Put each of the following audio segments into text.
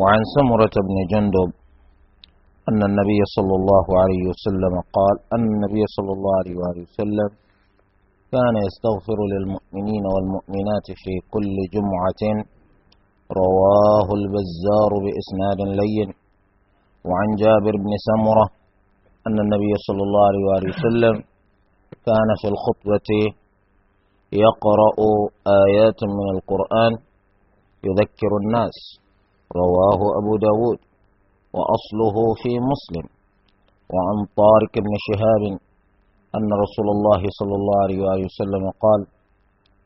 وعن سمرة بن جندب أن النبي صلى الله عليه وسلم قال أن النبي صلى الله عليه وسلم كان يستغفر للمؤمنين والمؤمنات في كل جمعة رواه البزار بإسناد لين وعن جابر بن سمرة أن النبي صلى الله عليه وسلم كان في الخطبة يقرأ آيات من القرآن يذكر الناس رواه أبو داود وأصله في مسلم وعن طارق بن شهاب أن رسول الله صلى الله عليه وسلم قال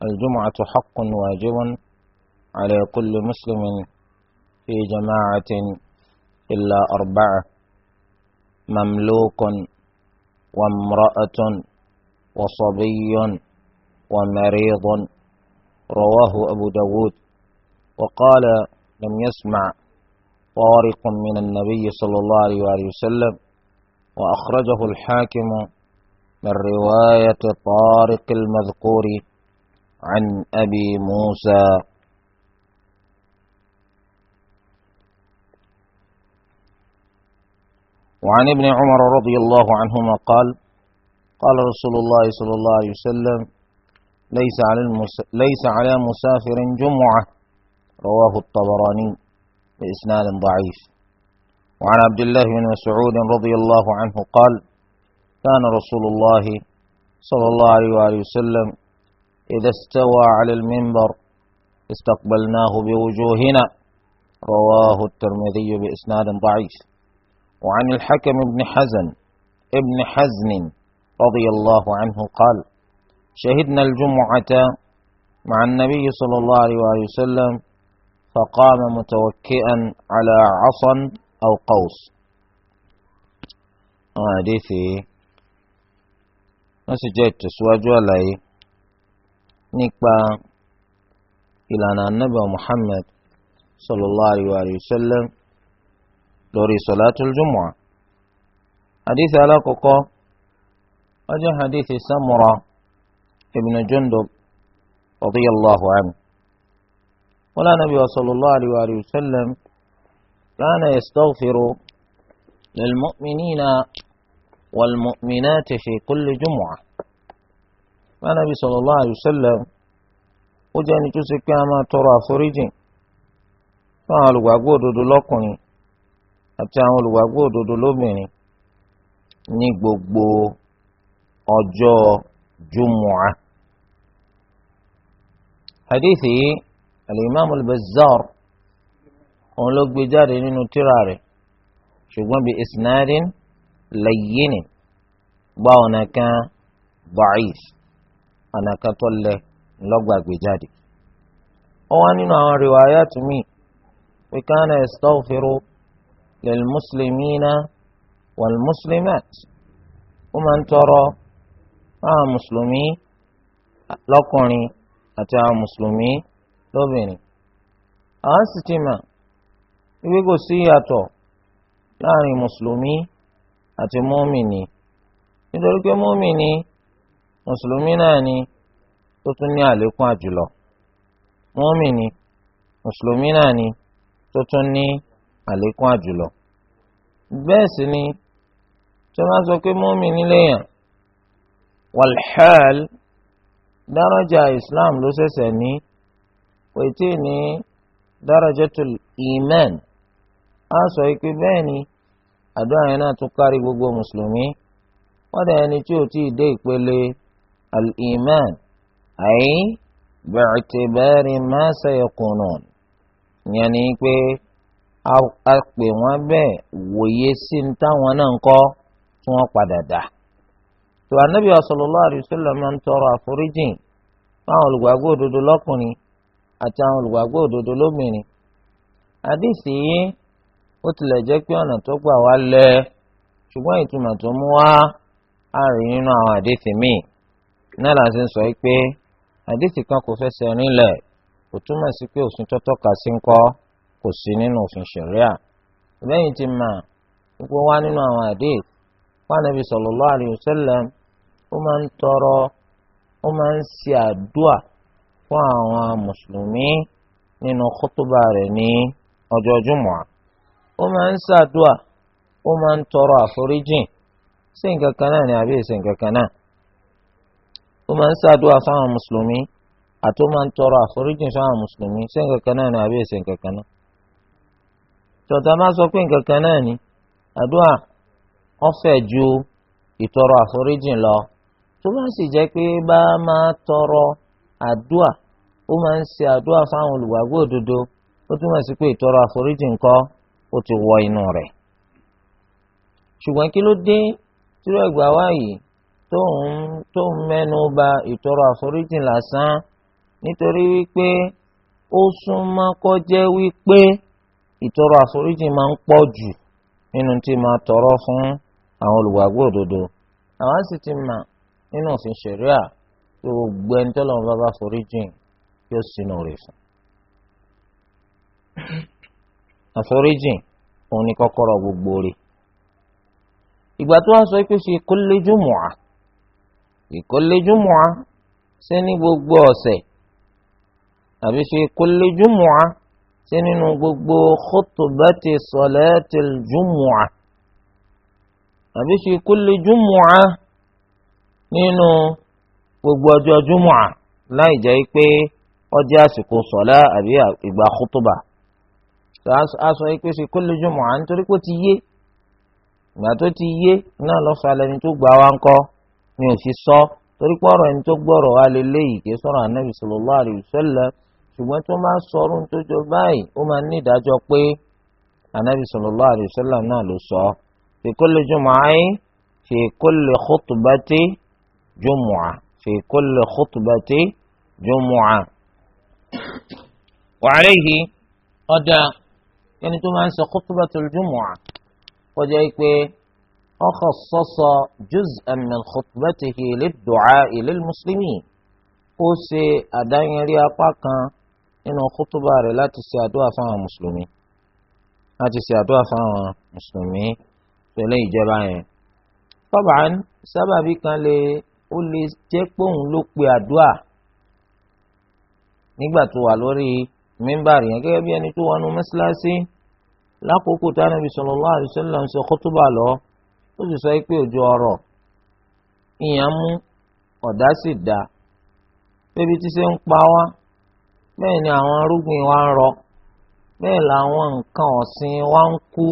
الجمعة حق واجب على كل مسلم في جماعة إلا أربعة مملوك وامرأة وصبي ومريض رواه أبو داود وقال لم يسمع طارق من النبي صلى الله عليه وآله وسلم وأخرجه الحاكم من رواية طارق المذكور عن أبي موسى وعن ابن عمر رضي الله عنهما قال قال رسول الله صلى الله عليه وسلم ليس على, المس... ليس على مسافر جمعه رواه الطبراني بإسناد ضعيف وعن عبد الله بن مسعود رضي الله عنه قال كان رسول الله صلى الله عليه وآله وسلم إذا استوى على المنبر استقبلناه بوجوهنا رواه الترمذي بإسناد ضعيف وعن الحكم بن حزن ابن حزن رضي الله عنه قال شهدنا الجمعة مع النبي صلى الله عليه وآله وسلم فقام متوكئا على عصا أو قوس حديثي wọ́n sì jẹ́ ìtẹ̀síwájú àlàyé nípa ìlànà anábà muhammed sallallahu alayhi wa sallam lórí salatul jumu'ah. hadith alákọ̀ọ́kọ́ wọ́n jẹ́ hadith samura ibn jundub radiyallahu anhu. wọn lánà bí sallallahu alaihi wa sallam kana yastaghfiru lilmu'minina walmu'minati fi kulli jumu'ah wọn lánà bí sallallahu alaihi wa sallam ó jẹ́ ẹni tó ṣe pé a máa tọrọ àforíjì fún àwọn olùgbàgbọ́ òdodo lọ́kùnrin àti àwọn olùgbàgbọ́ òdodo lóbìnrin ní gbogbo ọjọ́ jùmùá. hadithi yìí alimami al-Bazzar òun ló gbé jáde nínú tírà rẹ̀ ṣùgbọ́n bí isnadin layyinin gba ọ̀nà kan da'if ọ̀nà kan tó lẹ lọ́gbàgbé jáde. ó wá nínú àwọn riwayat mi pé kana yastaghfiru lil muslimina wal muslimat ó máa ń tọrọ àwọn mùsùlùmí lọ́kùnrin àti àwọn mùsùlùmí sóbìnrin à ń sì ti mà wípé kò sí ìyàtọ̀ láàrin mùsùlùmí àti mọ́mìnì nítorí pé mọ́mìnì mùsùlùmí náà ni tó tún ní àlékún àjùlọ mọ́mìnì mùsùlùmí náà ni tó tún ní àlékún àjùlọ bẹ́ẹ̀ sì ni tí wọ́n sọ pé mọ́mìnì lèèyàn wàlhẹ́ẹ̀l dárọ́jà islam ló ṣẹ̀ṣẹ̀ ní. kò tí darajatul iman a sọ pé bẹ́ẹ̀ ni àdúrà yẹn náà tún kárí gbogbo mùsùlùmí wọ́n dẹ̀ ẹni tí ò tí ì dé ìpele al-iman àyí bi'tibari ma sayaqunun ìyẹn ni pé a pè wọ́n bẹ́ẹ̀ wòye sí ní táwọn náà ń kọ́ tí wọ́n padà dà máa ń tọrọ fáwọn àti àwọn olùgbàgbọ́ òdodo lómìnrin àdìsí yìí ó tilẹ̀ jẹ́ pé ọ̀nà tó gbà wá lẹ̀ ṣùgbọ́n ìtumọ̀ tó mú wá àárín nínú àwọn àdìsí míì náà kan kò fẹsẹ̀ rinlẹ̀ kò túmọ̀ sí pé òfin tó tọ́ka sí ń kọ́ kò sí nínú òfin lẹ́yìn tí mà gbogbo wá nínú àwọn àdìsí fún àwọn mùsùlùmí nínú kótóbà rẹ̀ ní ọjọ́ jùmọ̀ ó máa ń ṣàdúà ó máa ń tọrọ àforíjìn ṣé nǹkan kan náà ni àbí ṣe nǹkan kan náà ó máa ń ṣàdúà fáwọn mùsùlùmí àti ó máa ń tọrọ àforíjìn fáwọn mùsùlùmí ṣé nǹkan kan náà ni àbí ṣe nǹkan kan náà tọ̀tà máa sọ pé nǹkan kan náà ni àdúà ọ̀fẹ́ ju ìtọrọ àforíjìn lọ tó bá sì jẹ́ pé bá máa tọrọ àdúà ó máa ń ṣe àdúà fáwọn olùgbàgbọ́ òdodo ó túmọ̀ sí pé ìtọrọ àforíjì ńkọ́ ó ti wọ inú rẹ̀ ṣùgbọ́n kí ló dé tíró ẹ̀gbà wáyìí tó ń mẹ́nu ba ìtọrọ àforíjì lásán nítorí wípé ó súnmọ́ kó jẹ́ wípé ìtọrọ àforíjì máa ń pọ̀ jù nínú tí máa tọrọ fún àwọn olùgbàgbọ́ òdodo àwọn sì ti mà nínú òfin ṣẹ̀ríà tó gbogbo ẹni tó lọ́wọ́ bá forí jìn yóò sínú rẹ̀ fún. àforíjìn òun ni kọ́kọ́rọ́ gbogbo rẹ̀. ìgbà tó wá sọ pé ṣe ìkóléjúmọ̀á ìkóléjúmọ̀á ṣé ní gbogbo ọ̀sẹ̀ àbí ṣe ìkóléjúmọ̀á ṣé nínú gbogbo khutubati salatil jumu'a àbí ṣe ìkóléjúmọ̀á nínú gbogbo ọjọ́ júmọ̀à láì jẹ́ pé ọjọ́ àsìkò sọ̀lá àbí ìgbà kútùbà a sọ pé ṣe kó lè júmọ̀à nítorí pé ó ti yé ìgbà tó ti yé náà lọ sọ alẹ́ni tó gbà wá ń kọ́ ni ò sì sọ torí pé ọ̀rọ̀ ẹni tó gbọ́rọ̀ wá lélẹ́yìí kì í sọ̀rọ̀ ànábì sallallahu alaihi wasallam ṣùgbọ́n tó máa sọ̀rọ̀ tó jọ báyìí ó máa ní ìdájọ́ pé ànábì sallallahu alaihi wasallam náà ló sọ fi kulli jumu'ah fi kulli khutbati jumu'ah في كل خطبة جمعة وعليه قد يعني ثم أنسى خطبة الجمعة قد أخصص جزءا من خطبته للدعاء للمسلمين قوسي أدان يلي أقاقا إنه خطبة لا تسيادوا فاها مسلمين لا تسيادوا فاها مسلمين فلي جبعين طبعا سبب كان لي ó lè jẹ́ pé òun ló pe àdúà nígbà tó wà lórí mímbàrì yẹn gẹ́gẹ́ bí ẹni tó wọnú mọ́ṣáláṣí lákòókò tí Ànábì sallallahu alaihi wasallam ń sọ kótóbà lọ ó sì sọ pé òjò ọ̀rọ̀ ìyàn mú ọ̀dá sì dá bébí tí ṣe ń pa wá bẹ́ẹ̀ ni àwọn arúgbìn wa ń rọ bẹ́ẹ̀ làwọn nǹkan ọ̀sìn wa ń kú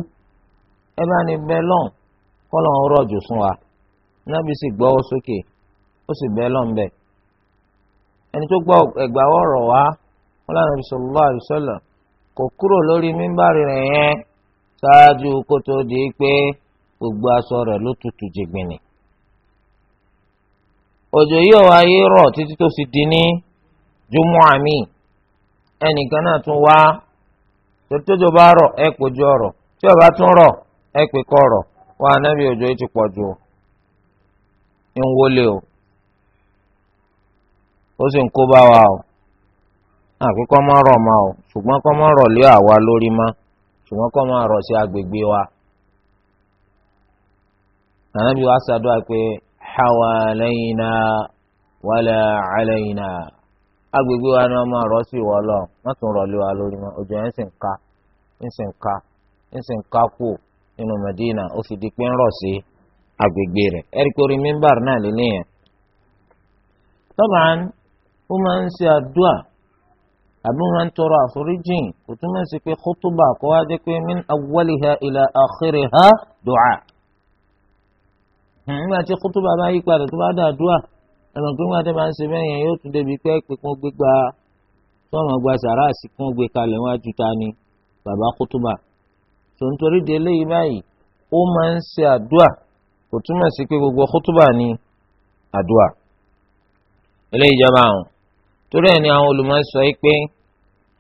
ẹ bá ní bẹ́ẹ̀ lọ́n kọ́ lọ́n rọ̀jò fún wa nábì sì gbọ́wọ́ sókè. So ó sì bẹ́ẹ̀ lọ́n bẹ́ẹ̀ ẹni tó gbọ́ ẹgbà ọ̀rọ̀ wá wọn lànà sallallahu alaihi kò kúrò lórí mímbàrí rẹ̀ yẹn ṣáájú kó tó di pé gbogbo aṣọ rẹ̀ ló tutù jìgbìnì òjò yìí ọ̀wá yìí rọ̀ títí tó sì di ní júmọ́ àmì ẹnìkan náà tún wá tòtòjò bá rọ̀ ẹ pè ju ọ̀rọ̀ tí ọba tún rọ̀ ẹ pè kọ̀ ọ̀rọ̀ wọn ànábì òjò yìí ti pọ̀ jù ń wọlé o. ó sì ń kó bá wa o àpékọ́ máa rọ̀ ma o ṣùgbọ́n kọ́ máa rọ̀ ma ṣùgbọ́n kọ́ wa. Ànábì wa ṣàdúrà pé agbègbè wa ni wọ́n máa rọ̀ sí ìwọ lọ wọ́n tún wa lórí ma òjò yẹn sì ń ka ń sì ń ka ń sì ń ka kú nínú Medina ó fi di pé ń rọ̀ sí agbègbè rẹ̀ ó máa ń ṣe àdúà àbí wọn máa ń tọrọ àforíjìn kò túmọ̀ sí pé kótóbà kó wá jẹ́ pé min awwaliha ila akhiriha du'a. Hmm, nígbà tí kótóbà bá yí padà tó bá dà àdúà ẹ̀rọ pé wọn adé máa ń ṣe bẹ́ẹ̀ yẹn yóò tún débi pé pé kí wọ́n gba sàrà sí kí gbé kalẹ̀ wọn ju ni bàbá kótóbà. tó ń torí de eléyìí báyìí ó máa ń ṣe àdúà kò túmọ̀ sí pé gbogbo kótóbà ni àdúà. eléyìí jẹ́ báwọn. torí ẹni àwọn olùmọ̀ sọ yìí pé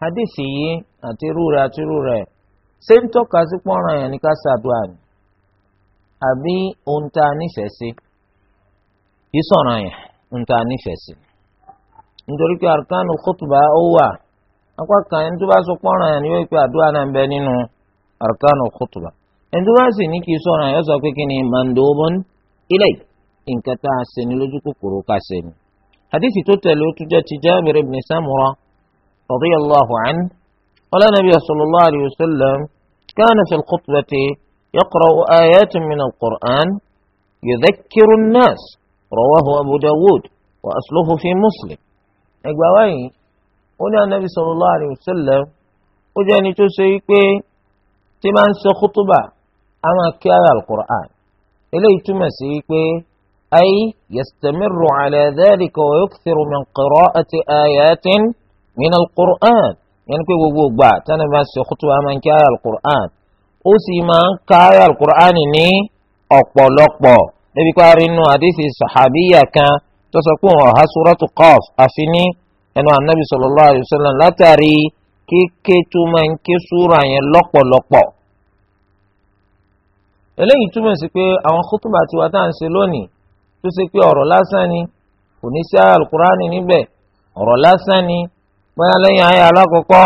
hadisi yìí àti rúra àti rúra ẹ̀ ṣé ń tọ́ka sí pọ́nrán yẹn ní ká ṣàdúrà ni àbí ohun tá a nífẹ̀ẹ́ sí yìí yẹn ohun tá a nífẹ̀ẹ́ sí nítorí pé ó wà apá kan ẹni tó bá sọ pọ́nrán yẹn ni yóò pe àdúrà náà ń bẹ nínú ẹni tó bá sì ní kí ni mandobon ilẹ̀ hadisi tó tẹ̀lé ó tún jẹ́ ti Jabir ibn Samura radiyallahu anhu qala nabiyyu sallallahu alayhi wa sallam kana fil khutbati yaqra'u ayatin min al-Qur'an yudhakkiru an-nas rawahu Abu Dawud wa asluhu fi Muslim ẹgbàá wáyé ó ní anabi sallallahu alayhi wa sallam ó jẹ́ ẹni tó ṣe pé tí máa ń sọ kútùbà á máa kí ara al-Qur'an eléyìí túmọ̀ sí pé أي يستمر على ذلك ويكثر من قراءة آيات من القرآن يعني كي وقوع تانا بس خطوة من كاية القرآن ó sì máa ń ka alukur'ani ní ọ̀pọ̀lọpọ̀ níbi ká rí inú àdìsí sàhábíyà kan tó sọ pé òun ọ̀há suratu Qaf àfi ní ẹnu anabi sallallahu alaihi wasallam látàrí kíké tó máa ń ké súra yẹn lọ́pọ̀lọpọ̀. eléyìí túmọ̀ sí pé àwọn kútùbà tiwa tá à ń ṣe lónìí tó ṣe pé ọ̀rọ̀ lásán ni kò ní sí alukurani níbẹ̀ ọ̀rọ̀ lásán ni bóyá lẹ́yìn ayé alákọ̀ọ́kọ́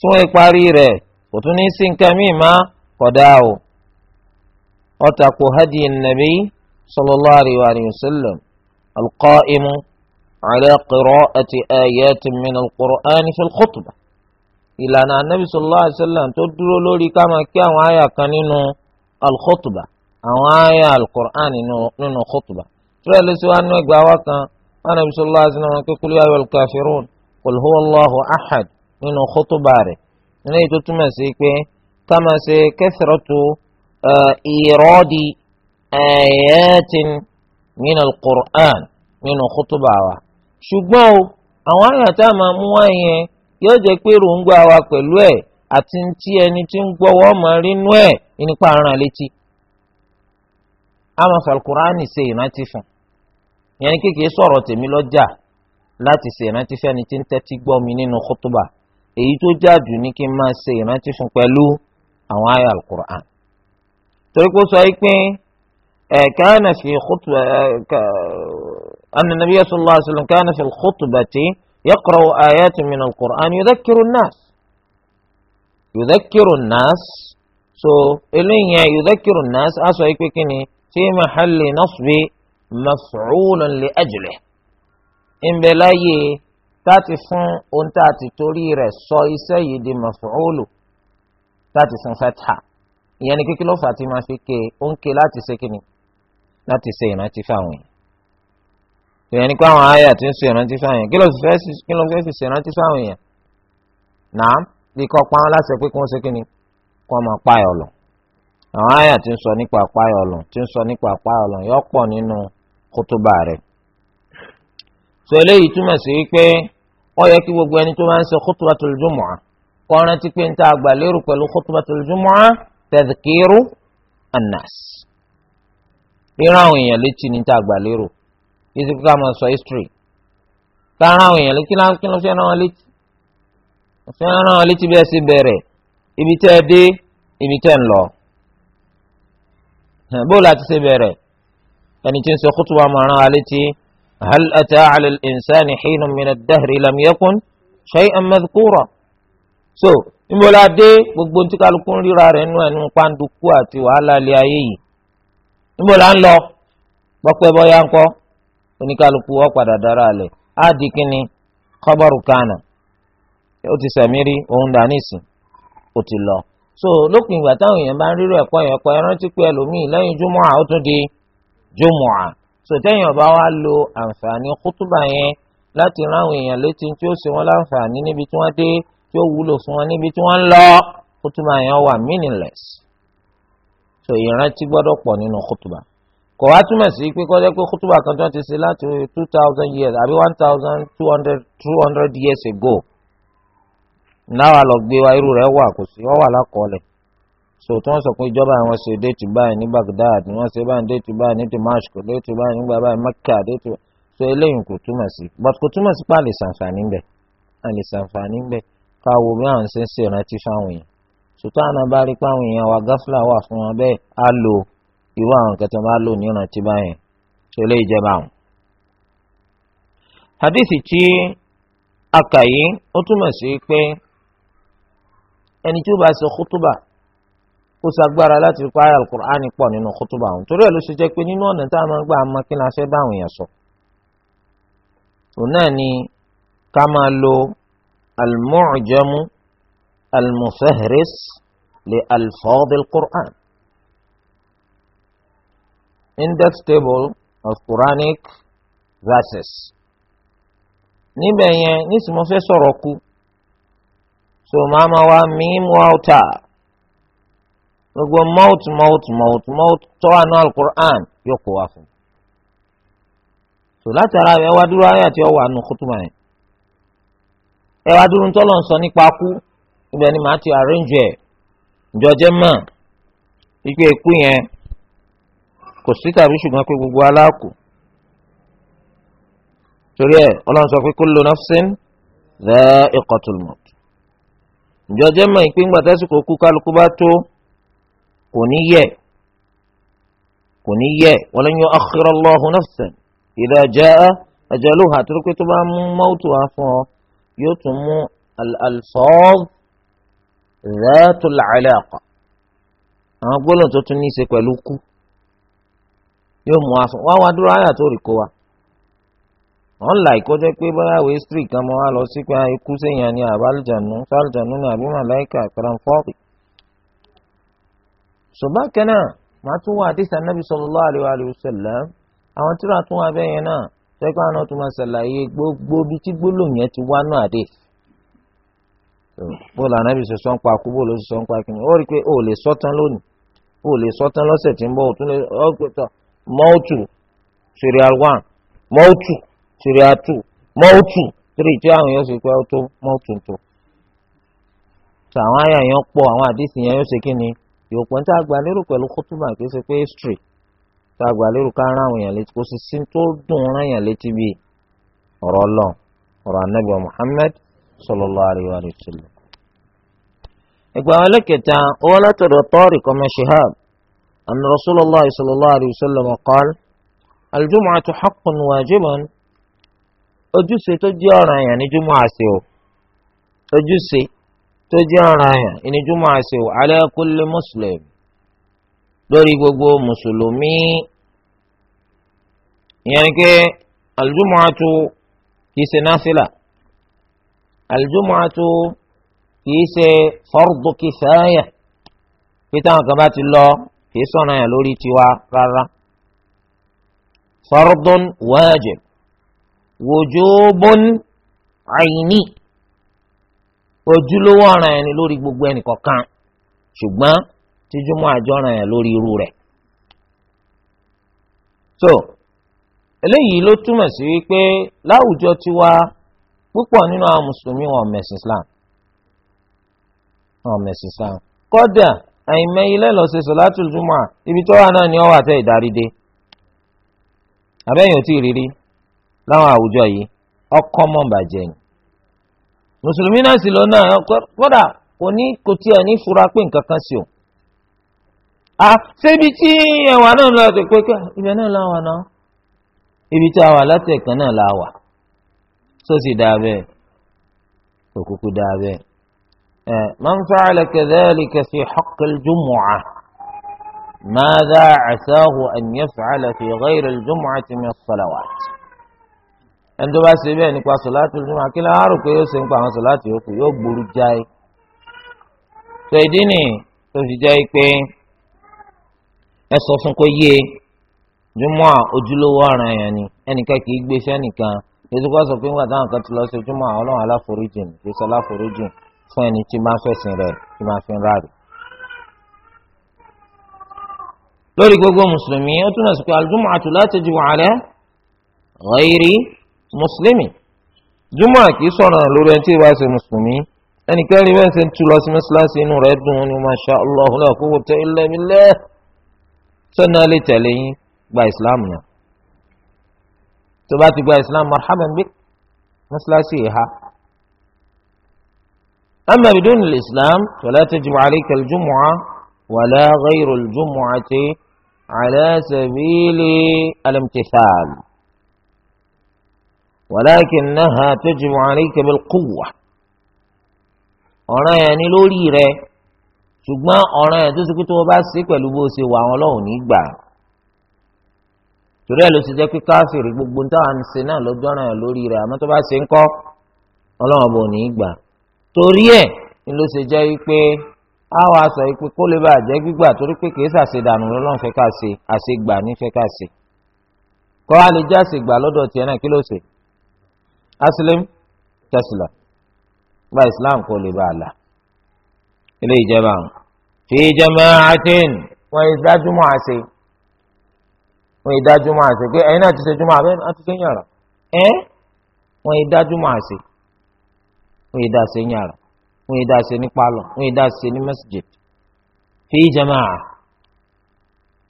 tún ìparí rẹ̀ kò tún ní sí nǹkan míì má kódà o ọ̀tàkù hadi nàbí sallallahu alayhi wa sallam alqa'imu ala qira'ati ayatin min alqur'ani fil khutbah ìlànà anabi sallallahu alayhi wa sallam tó dúró lórí ká kí àwọn àyà kan nínú alkhutbah àwọn àyà alqur'ani tura ló sì wá nú ẹgbà wá kan wọn nàbí sọlá àzìnà wọn pé kúlíwá yọ kàfírún qul huwa Allahu ahad nínú kótóbà rẹ̀ nínú èyí tó túmọ̀ sí pé ká máa ṣe kathratu ìrọ́dì ayatin min al-Qur'an nínú kótóbà wa o àwọn àyàtà máa mú wá yẹn yóò jẹ́ pé ròǹgbà wa pẹ̀lú ẹ̀ àti ti ẹni tí ń gbọ́wọ́ máa rí ẹ̀ nípa aràn létí. a máa ṣe ìrántí fún un yẹn kékeré sọ̀rọ̀ tèmi lọ́jà láti ṣe ìrántí fẹ́ni tí ń tẹ́tí gbọ́ mi nínú kútùbà èyí tó jáàjù ní kí n máa ṣe ìrántí fún pẹ̀lú àwọn àyà alukur'an torí kó sọ yìí pé ẹ̀ káàna fi kútùbà ẹ̀ anna nabiyyu sallallahu alaihi wasallam káàna fi kútùbàtì yaqra'u ayatin min alukur'an yudhakkiru an-nas so eléyìí yẹn yudhakkiru an-nas á sọ yìí pé maf'ulan li ajlihi ìmbẹ́láyé táti fún ohun tá a ti torí rẹ̀ sọ iṣẹ́ yìí di maf'ulu táti fún fatha ìyẹn ni kíkí ló fà tí máa fi ké ó ń ké láti ṣe kíni láti ṣe ìrántí fáwọn yìí ìyẹn ni pé àwọn àyà ti ń ṣe ìrántí fáwọn yìí kí ló fẹ́ kí ló fẹ́ fi ṣe ìrántí fáwọn yìí náà bí kò pa wọn láṣẹ pé kí wọ́n ṣe kíni kó máa páyọ̀ lọ àwọn àyà ti ń sọ nípa páyọ̀ lọ ti ń sọ nípa páyọ̀ lọ yọ pọ̀ nínú. No kótóbà rẹ̀ sọ eléyìí túmọ̀ sí wípé ó yẹ kí gbogbo ẹni tó máa ń ṣe khutbatul jumu'ah kó rántí pé ń ta àgbàlérò pẹ̀lú khutbatul jumu'ah tadhkiru annas ríran àwọn èèyàn létí ní ta àgbàlérò kí sí ká máa sọ history ká ran àwọn èèyàn létí kí ló fẹ́ ran wọn létí fẹ́ ran wọn létí bí ẹ sì bẹ̀rẹ̀ ibi tẹ́ ẹ dé ibi tẹ́ ń lọ bó láti ṣe bẹ̀rẹ̀ ẹni tí ń sọ kútùbà máa rán alẹ́ tí hal ata ala al-insani hinu min dahri lam yakun shay'an madhkura so níbola dé gbogbo tí kálukú ń ríra rẹ̀ nínú ẹnu pàǹdùkú àti wàhálà ilé ayé yìí níbola ń lọ gbọ́pẹ́ bọ́yá ńkọ́ oníkálukú wọ́n padà dára alẹ̀ á di kínni kánà ó ti sẹ̀mí òun dà ó ti lọ so lópin ìgbà táwọn èèyàn bá ń rírọ ẹ̀kọ́ yẹn kọ́ ẹ rántí pé ẹlòmíì lẹ́yìn júmọ́ àwọn tún di jùmùà sọtẹ́yìn ọba wa lo àǹfààní kútùbà yẹn láti ráwọn èèyàn létí tí ó ṣe wọn láǹfààní níbi tí wọ́n dé tí ó wúlò fún wọn níbi tí wọ́n ń lọ kútùbà yẹn wà meaningless so ìrántí gbọ́dọ̀ pọ̀ nínú kútùbà kò wá túmọ̀ sí pé kọ́jọ́ pé kútùbà kan tó ti ṣe láti two thousand years àbí one thousand two hundred two hundred years ago náà wà lọ gbé wa irú rẹ̀ wà kò sí wọ́n wà lákọọ́lẹ̀ so tí wọ́n sọ pé ìjọba àwọn ṣe déètì báyìí ní Baghdad wọ́n ṣe báyìí déètì báyìí ní Damascus déètì báyìí nígbà báyìí Mecca déètì so eléyìí kò túmọ̀ sí but kò túmọ̀ sí pé àlè sàǹfààní ń bẹ àlè sàǹfààní ń bẹ káwo bí àwọn ṣe ń ṣe ìrántí fáwọn èèyàn sùtọ́ àná bá rí pé èèyàn wa gáfúlà wà fún wọn bẹ́ẹ̀ á lo irú àwọn kẹtọ́ bá lò ní ìrántí báyẹn hadithi tí a kà yìí ó túmọ̀ sí ẹni tí ó bá ṣe kútúbà ó sagbára láti rí páyà alukur'ani pọ̀ nínú kútùbà àwọn torí ẹ̀ ló ṣe jẹ́ pé nínú ọ̀nà tá a máa gbà máa kí ni a fẹ́ bá àwọn èèyàn sọ. òun náà ni ká máa lo almu'jamu almufahris li alfadil qur'an index table of quranic verses. níbẹ̀ yẹn nísìmọ́ fẹ́ sọ̀rọ̀ ku so màá ma wá mímú ọ̀tá gbogbo mọ́ọ̀tù mọ́ọ̀tù mọ́ọ̀tù mọ́ọ̀tù tọ́wánú alukur'an yóò kó wa fún un. sò láti ara ẹ wá dúró ayé àti ọwọ́ àánú kútùmá yẹn ẹ wá dúró ńtọ́ lọ sọ nípa kú ibẹ̀ ni màá ti arrange ẹ̀ ǹjọ́jẹ́ mọ̀ wípé ikú yẹn kò sí tàbí ṣùgbọ́n pé gbogbo aláàkú torí ẹ ọlọ́run sọ pé kullu nafsin dha'iqatul maut ǹjọ́jẹ́ mọ̀ ìpínpàtàsíkò kú kálukú bá tó kò ní yẹ kò ní yẹ walan yu'akhkhira Allahu nafsan idha jaa ajaluha àti rúkẹ́ tó bá mú mọ́tò wá fún ọ yóò tún mú al-alfaz dhatul alaqa àwọn gbólóhùn tó tún ní í ṣe pẹ̀lú kú yóò mú wa fún wa wá dúró àyà tó rí kó wa wọn là ìkọjẹ pé báyà wé street kan mọ wa lọ sí pé ikú sèyàn ni àbálùjànú sálùjànú ni àbí màláìka kàràǹfọ́ọ̀kì ṣùgbọ́n kẹ́nà màá tún wá àdìsá nàbì sallallahu alaihi wa sallam àwọn tíra tún wá bẹ́ẹ̀ yẹn náà sẹ́kọ̀ọ́ àná tó máa ṣàlàyé gbogbo bí tí gbólóhùn yẹn ti wá náà àdè. bó la nàbì sọ sọ́n pa kú bó ló sọ́n pa kìnnìún ó rí i pé o lè sọ́tán lónìí o lè sọ́tán lọ́sẹ̀ tí ń bọ̀ òtún lè ọ̀gbẹ̀tọ̀ mọ́ọ̀tù serial one mọ́ọ̀tù serial two mọ́ọ̀tù three tí àwọn yóò ṣe pé ó tó mọ́ọ̀tù tó. sọ àwọn àyà yẹn pọ̀ àwọn àdìsí yẹn yóò ṣe kí ni ìwòpọ̀n tá a gbà lérò pẹ̀lú kótóbà kì í ṣe pé history tá a gbà lérò ká rán àwọn èèyàn létí kó sì sí tó dùn rán èèyàn létí bí ọ̀rọ̀ ọlọ́run ọ̀rọ̀ anábìá Muhammad sallallahu alaihi wa sallam. ìgbà wọn lẹ́kẹ̀ta owó látọ̀dọ̀ tọ́ọ̀rì kọ́mọ shihab anna rasulullah sallallahu alaihi wa sallam qal aljumu'atu haqqun wajiban ojúṣe tó jẹ́ ọ̀ràn èèyàn ní àṣẹ o ojúṣe tó jẹ́ ọ̀ràn àyàn ìníjúmọ́ àṣẹ ala kulli muslim lórí gbogbo mùsùlùmí ìyẹn ni pé al-jumu'atu kìí ṣe náfìlà al-jumu'atu kìí ṣe fardu kifaya pété àwọn kan bá ti lọ kìí sọ̀rọ̀ yẹn lórí tiwa rárá fardun wajib wujubun ayni. ojúlówó ọ̀ràn yẹn ni lórí gbogbo ẹnìkọ̀ọ̀kan ṣùgbọ́n tíjúmọ́ àjọràn yẹn lórí irú rẹ̀. so eléyìí ló túmọ̀ sí wípé láwùjọ tiwa púpọ̀ nínú àwọn mùsùlùmí wọn mẹ̀sìn Islam wọn mẹ̀sìn Islam kọ́dà àìmẹ́yìn lẹ́lọ́sẹ̀ sọ̀látùl júmọ́ ibi tó wà náà ni ọ wà tẹ́ ìdáríde abẹ́yìn ò tí ì rírí láwọn àwùjọ yìí ọkọ́ mọ̀ bàjẹ́ mùsùlùmí náà sì lọ náà kódà kò ní kò tiẹ̀ ní fura pé nǹkan kan sí o. à ṣébi tí ẹ̀wà náà lọ sí pé ibẹ̀ náà làwà náà ibi tí a wà látẹ̀kàn náà làwà sósì dáa bẹ́ẹ̀ kò kúkú dáa bẹ́ẹ̀. من فعل كذلك في حق الجمعة ماذا عساه أن يفعل في غير الجمعة من الصلوات ẹni tó bá ṣe bẹ́ẹ̀ nípa sọ̀láàtì ojúmọ́ akílá àárò pé yóò ṣe ń pa àwọn sọ̀láàtì yòókù yóò gbòòrú jáì tó ìdí nì tó fi jẹ́ pé ẹ sọ fún kó yé júmọ́ ojúlówó ọ̀ràn yẹn ni ẹnìkan kì í gbé sẹ́nìkan ètò kan sọ pé ńgbà táwọn kan ti lọ sí ojúmọ́ àwọn ọlọ́run aláforíjìn kì aláforíjìn fún ẹni tí máa fẹ̀sìn rẹ̀ tí máa fi ń ráàlú. lórí gbogbo mùsùlùmí ó túnà sí pé aljumu'atu la tajibu ala ghairi mùsùlùmí júmọ̀ aki í sọ̀rọ̀ lórí ẹni tí ìwà ṣe mùsùlùmí ẹnìkan rí bẹ́ẹ̀ ṣe ń tu lọ sí mọ́ṣáláṣí inú rẹ̀ dùn ní masha allah la quwwata illa billah sọ́nà lè tẹ̀lé yín gba ìsìláàmù náà tó bá ti gba ìsìláàmù marhaban bí ha mọ́ṣáláṣí ìhà أما بدون الإسلام فلا تجب عليك الجمعة ولا غير الجمعة على سبيل الامتثال walakinnaha tajibu عليك bilquwwa ọ̀ràn yẹn ni lórí rẹ ṣùgbọ́n ọ̀ràn yẹn tó ṣe pé tó o bá ṣe pẹ̀lú bó o ṣe wà wọn lọ́hùn nígbà torí ẹ̀ ló ṣe jẹ́ pé káfíìrì gbogbo táwọn ṣe náà ló dọ́ràn yẹn lórí rẹ àmọ́ tó bá ṣe ń kọ́ ọlọ́run bò ní gbà torí ẹ̀ ni ló ṣe jẹ́ pé a wàá sọ pé kó lè bàa jẹ́ gbígbà torí pé kìí ṣàṣedànù lọ́lọ́run fẹ́ ká fẹ́ ká ṣe àṣegbà lọ́dọ̀ aslim tasla gba islam kò lè bá a la ilé ìjọba fi jama'atin wọn ìdájú mọ́ àṣẹ wọn ìdájú mọ́ àṣẹ pé ẹ̀yin náà ti ṣe jùmọ̀ àbẹ́ àti ṣe yàrá ẹ̀ wọn ìdájú mọ́ àṣẹ wọn ìdáṣe yàrá wọn ìdáṣe ní pálọ̀ wọn ìdáṣe ní masjid fi jama'a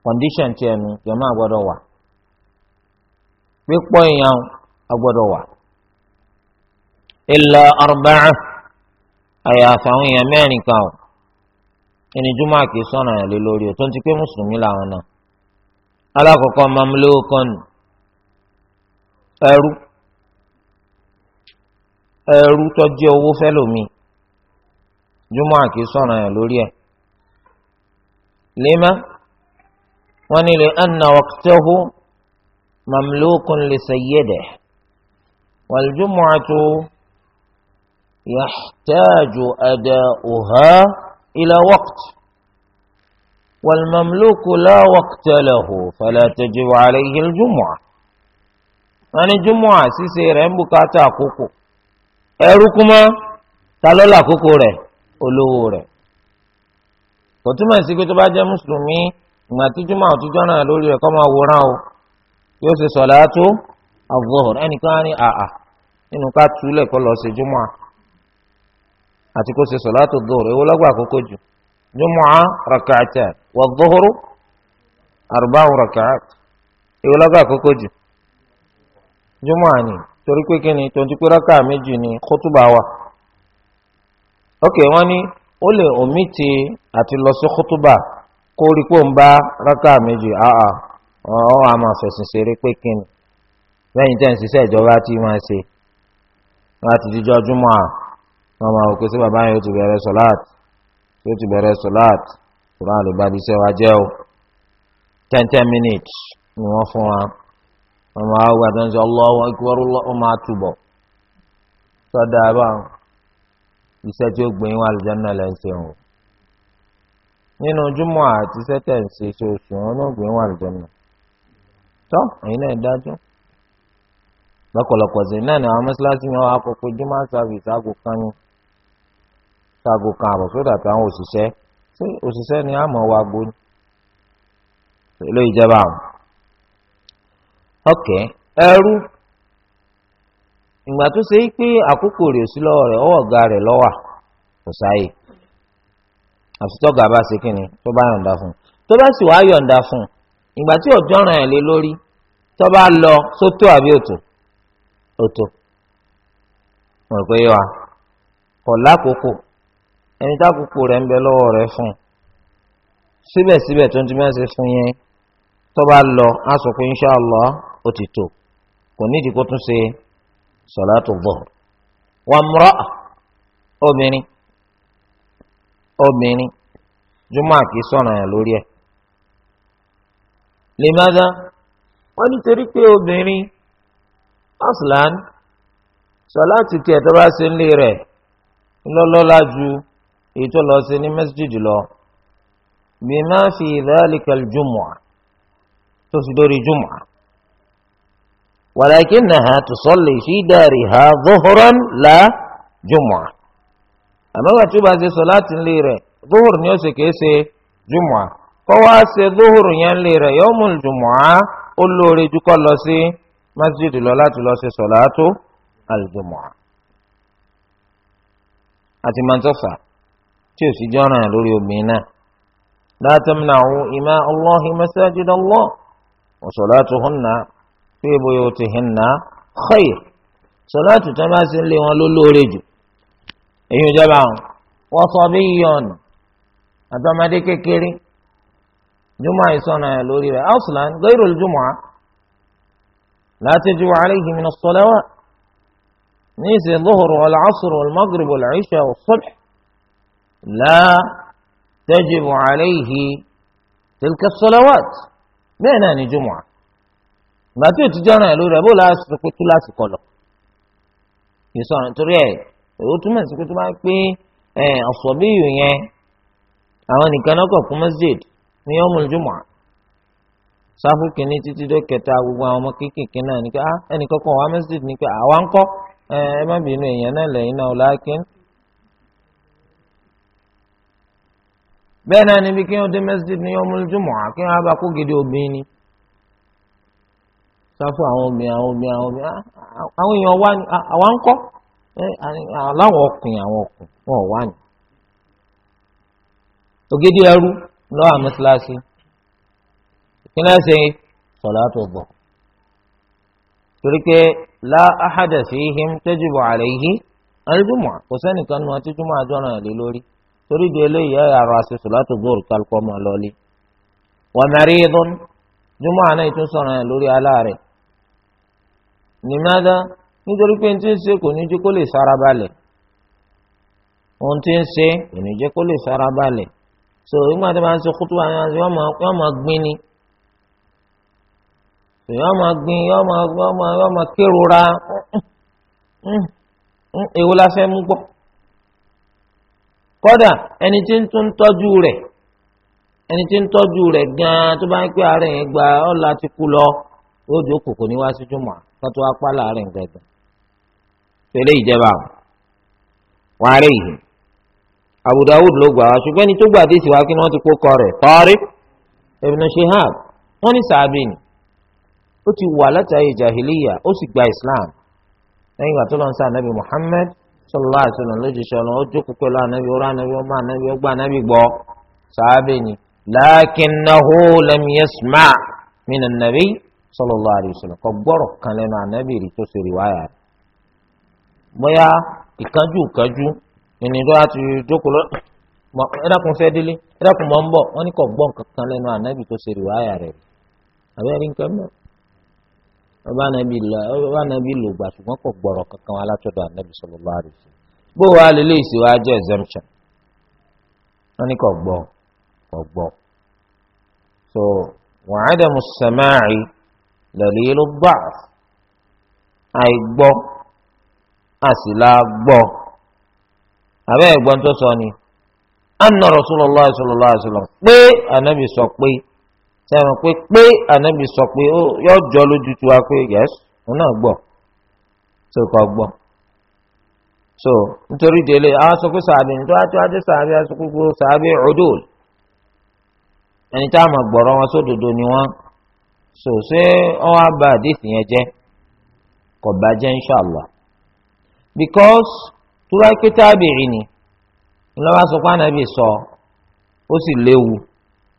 condition tiẹ̀ nu jama'a gbọ́dọ̀ wà pípọ̀ èèyàn agbọ́dọ̀ wà illa arba'a àyàfà àwọn èèyàn mẹ́rin kan o ẹni jùmọ̀ àkè sọ̀nà yàn lé lórí o tó ń ti pé mùsùlùmí làwọn náà alákọ̀ọ́kọ́ mamlúkọ́n ẹrú ẹrú tọ́jú owó fẹ́lòmíì jùmọ̀ àkè sọ̀nà yàn lórí ẹ̀ lèmá wọ́n ní lè anna waqtahu mamlúkọ́n li sayyidih wal jumu'atu. يحتاج أداؤها إلى وقت والمملوك لا وقت له فلا تجب عليه الجمعة يعني جمعة سيسير بكاتا كوكو ẹrúkúmọ́ ta ló là kókó rẹ̀ olówó rẹ̀ kò túmọ̀ sí pé tó bá jẹ́ mùsùlùmí ìgbà tí jùmọ̀ àtújọ́ náà lórí rẹ̀ kọ́ máa wòran o yóò ṣe sọ̀lá tó àvọ́hùn ẹnìkan á ní àà nínú ká túlẹ̀ kọ́ lọ́ọ́ ṣe jùmọ̀ à àti kó ṣe sọ̀látò dòhùrù èwo lọ́gbà àkókò jù jùmọ̀á rakaata wà dòhùrù àrùbáwò rakaata èwo lọ́gbà àkókò jù jùmọ̀á ni torí pé kíni tonti pé raka méjì ni kótóbà wà. ok wọ́n ní ó lè omiti àti lọ sí kótóbà kó rí pò ń bá raka méjì àà ọ̀hún àmọ́ àfẹ̀sìn ṣeré pé kíni lẹ́yìn tẹ́ ń ṣiṣẹ́ ìjọba tí wọ́n ṣe láti dijọ́ jùmọ̀á wọ́n máa wò pé sí bàbá yẹn ó ti bẹ̀rẹ̀ sọ̀láàtì ó ti bẹ̀rẹ̀ sọ̀láàtì kùrán lè bá iṣẹ́ wa jẹ́ o ten ten minutes ni wọ́n fún wa wọ́n máa wò àti ẹnjẹ́ ọlọ́wọ́ ìkúwọ́rú lọ́wọ́ máa túbọ̀ sọ́dà bá iṣẹ́ tí ó gbìn wà lùjánná lẹ́ ń ṣeun o nínú júmọ̀ àti sẹ́tẹ̀ǹsì ṣoṣù wọn náà gbìn wà lùjánná tọ́ ẹ̀yin náà dájọ́ lọ́pọ̀lọpọ̀ sí náà ni àwọn mọ́ṣáláṣí wọn wá kó pé júmọ̀ àgùkan yìí sago kan àbọ̀ sódà tó àwọn òṣìṣẹ́ ṣé òṣìṣẹ́ ni àmọ́ wa gbó ni ilé ìjọba àwọn. ok ẹrú ìgbà tó ṣe é pé àkókò rẹ̀ sí lọ́wọ́ rẹ̀ ọwọ́ ọ̀gá rẹ̀ lọ́wà kò sáyè àfitọ́gà bá ṣe kínni tó bá yọ̀ǹda fún un tó bá sì wá yọ̀ǹda fún un ìgbà tí òjò ràn ẹ̀ lé lórí tó bá lọ sótó àbí òtò òtò mo pé yẹ wa kọ̀ lákòókò ẹni tá àkókò rẹ̀ ń bẹ lọ́wọ́ rẹ̀ fún un síbẹ̀síbẹ̀ tó ń ti mẹ́sẹ̀ fún yẹn tó bá lọ á sọ pé insha ó ti tó kò nídìí kó tún ṣe salatu dhuhr wa imra'a obìnrin obìnrin jùmọ̀ àkì sọ̀rọ̀ yẹn lórí ẹ̀ limadha wọ́n nítorí pé obìnrin aslan salatu tiẹ̀ tó bá ṣe ń lé rẹ̀ ńlọ́lọ́lá ju èyí tó lọ sí ní mẹsídìdì lọ bímá fi dhalika al-jum'a tó fi dórí jùmọ̀ walakinnaha tusalli fi dariha dhuhran la jùmọ̀ àmọ́ wàá tí ó bá ṣe sọ láti lé rẹ̀ dhuhr ni ó sì kéé ṣe jùmọ̀ kọ́ wá ṣe dhuhr yẹn lé rẹ̀ yawmul jumu'a ó lóore ju lọ sí masjid lọ láti lọ ṣe sọ̀láàtò al-jumu'a àti mọ̀ntọ́fà. tí o sì jẹ́ ọ̀ràn lórí obìnrin náà la tamna'u ima Allahi masajid Allah wa salatuhunna fi buyutihinna khair sọláàtù tó bá sí lé wọn ló lóore jù èyí ò jábà wọn wọ́n sọ bí yíyọ ọ̀nà àtọmọdé kékeré jùmọ̀ àìsàn ẹ̀ lórí rẹ̀ auslan gbèrò jùmọ̀ láti ju alayhi min ṣọlẹ́wà ní ìsìn lóhùrù ọ̀là asr wal maghrib wal isha was لا تجب عليه تلك الصلوات بين أن جمعة ما تتجانا لولا بولا سكت لا سكولو يسون تريه وتما سكت ما يكفي الصبي يعني àwọn nìkan náà kọ̀ fún masjid ní ọmọ ìjùmọ̀ sáfù kìíní títí dé kẹta gbogbo àwọn ọmọ kéékèèké náà ní ká ah, ẹnì kankan wà masjid ní ká àwa ń kọ́ ẹ má bínú èèyàn náà lẹ́yìn náà ọ̀làkín bẹ́ẹ̀ náà níbi kí wọ́n dé mẹ́sídìí ní yawmul jumu'ah kí wọ́n kó gidi obìnrin ni sáfù àwọn obìnrin àwọn obìnrin àwọn obìnrin àwọn èèyàn wá ní àwa ń aláwọ̀ wọn wá ní. ògidì ẹrú lọ́wọ́ torí pé la ahada fihim tajibu alayhi kò torí di eléyìí ẹ̀ àrò àṣìṣù láti gbòòrò kálukọ́ mọ́ lọ́lé. wa maridun júmọ́ àná ìtún sọ̀rọ̀ yẹn lórí aláàrẹ̀. nìmọ́dá nítorí pé tí ń ṣe kò ní jẹ́ kó lè sára balẹ̀ ohun tí ń ṣe kò ní jẹ́ kó lè sára balẹ̀ so ìgbà tí wọ́n máa ń ṣe kútu àwọn àti wọ́n máa gbin ni yọ́n máa gbin yọ́n máa yọ́n máa yọ́n máa kérora èwo hmm, hmm, hmm, la fẹ́ mú gbọ́. kódà ẹni tí ń tún tọ́jú rẹ̀ ẹni tí ń tọ́jú rẹ̀ gan-an tó bá ń pẹ́ àárẹ̀ yẹn gba ọ̀la kú lọ ó dùn ní wáá síjú mọ́ apá láàrin gbẹ̀gbẹ̀. tẹ̀lé ìjẹba wọn á yìí Abu Dawud ló gbà wá ṣùgbọ́n ẹni tó gbà dé ìsìwá kí wọ́n ti kó kọ rẹ̀ ibn Shihab wọ́n ní sàábìn ó ti wà látàrí gba Islam lẹ́yìn ìgbà tó lọ sọlọ́lá àṣọlọ́ lójúṣe ọ̀nà ó jókòó pẹ̀lú ànábi ọ̀rọ̀ ànábi ọgbà ànábi ọgbà ànábi gbọ́ sàábẹ̀ ni lákìnnáhó lẹ́mìíyẹ́sìmá mìnà nàbí kan rí tó ṣe rí wáyà rẹ̀. bóyá àti délé ń nǹkan kan tó ṣe rí wáyà àbẹ́rẹ́ nǹkan ọba anabi lọ ọba anabi lò gbà ṣùgbọ́n kò gbọ́rọ̀ kankan wá látọ̀dọ̀ anabi sallallahu alaihi wasallam bó wa lélẹ́ ìsìwá jẹ́ exemption wọ́n ní kò gbọ́ kò gbọ́ so wa adamu as-sama'i dalilu ad-da'f àìgbọ́ àsìlá gbọ́ àbẹ́ ẹ̀gbọ́n tó sọ ni anna rasulullah sallallahu alaihi wasallam pé anabi sọ pé sẹ́wọ̀n pé pé ànábì sọ pé yóò jọ lójú tiwa pé yẹ́sù òun náà gbọ́ tó kọ́ gbọ́ so nítorí délé àwọn sọ pé sàbí nítorí àti wájú sàbí àti gbogbo sàbí ọdún ẹni tá a mọ̀ gbọ́rọ̀ wọn sódodo ni wọ́n so ṣé wọ́n á ba àdéhùn yẹn jẹ́ kò bá jẹ́ inṣàlá because turai pé tábìrì ni ńlọ́wọ́ sọ pé ànábì sọ ó sì léwu. So,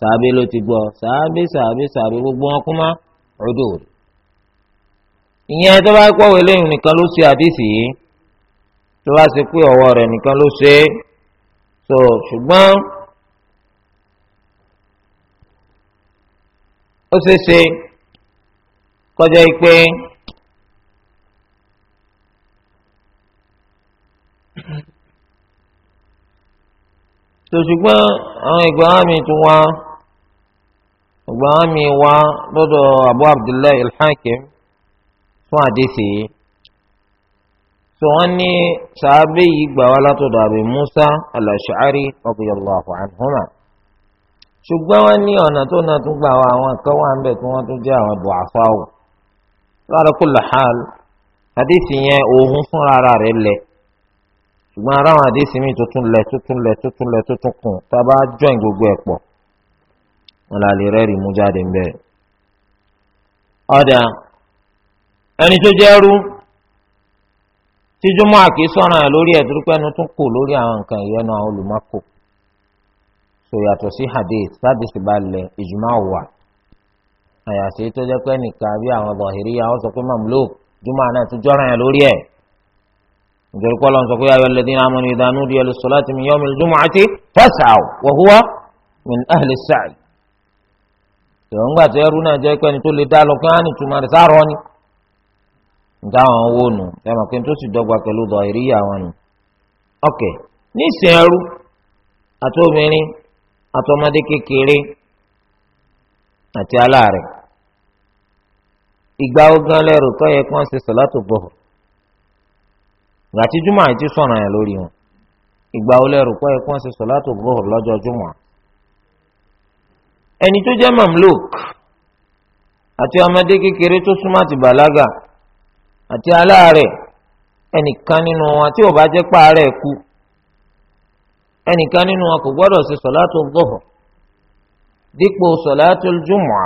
sàábé ló ti gbọ́ sàábé sàábé sàábé gbogbo wọn kú mọ́ ọdún òru. ìyẹn tó bá pọ̀ wọlé nìkan ló ṣe àdìsí yìí tó bá ṣe pé ọwọ́ rẹ̀ nìkan ló ṣe é so ṣùgbọ́n ó ṣe ṣe kọjá pé so ṣùgbọ́n àwọn ìgbà wa mi tún wá ọgbà wọn mi wá lọ́dọ̀ abu abdullahi al-hakim fún àdìsí yìí tí wọ́n ní sàábé yìí gbà wá látọ̀dọ̀ àbí musa al-ash'ari radiyallahu anhuma ṣùgbọ́n wọ́n ní ọ̀nà tó náà tún gbà wá àwọn kan wà ń bẹ̀ tí wọ́n tún jẹ́ àwọn du'afa o lára kulli hal àdìsí yẹn òun fúnra ara rẹ̀ lẹ̀ ṣùgbọ́n aráwọn àdìsí mi tuntun lẹ̀ tuntun lẹ̀ tuntun lẹ̀ tuntun kùn tá a bá jọ̀ìn gbogbo ẹ̀ pọ̀ wọn là lè rẹ́rì mú jáde ń bẹ̀. ọ̀dà ẹni tó jẹ́rú tíjú mọ́ àkè sọ̀ràn lórí ẹ̀dúrúpẹ́nu tún kù lórí àwọn nǹkan ìyẹnu àwọn olùmọ́kò sòyàtọ̀ sí hadith sábìsì balẹ̀ ìjùmọ̀ wà àyàfi tó jẹ́ pé nìkan bí àwọn bọ̀hìrì àwọn sọ pé mamlo jùmọ̀ náà ti jọ́ràn yẹn lórí ẹ̀ nítorí pé sọ pé ayọ̀ alladhina amanu idha nudiya lis-salati min yawmil jumu'ati fas'aw wa huwa min ahli as ìwọ̀n gbà tó ẹrú náà jẹ́ pé ẹni tó lè dá lọ kí wọ́n á ní túmọ̀ rẹ̀ sáró ni. níta àwọn owó nù ẹ mọ̀ pé tó sì dọ́gba pẹ̀lú dọ̀ ìríyà wọn nù. ok ní ìsìn ẹrú àtòmìnrin àtọmọdé kékeré àti aláàrẹ̀ ìgbà ogun lẹ́rù tó yẹ kí wọ́n ṣe sọ̀látò júmọ̀ ẹni tó jẹ́ mamlok àti ọmọdé kékeré tó súnmọ́ àti bàlágà àti aláàárẹ̀ ẹnìkan nínú wọn tí ó bá jẹ́ pààrẹ̀ kú ẹnìkan nínú wọn kò gbọ́dọ̀ ṣe sọ̀látò gbọ̀họ̀ dípò sọ̀látò jùmọ̀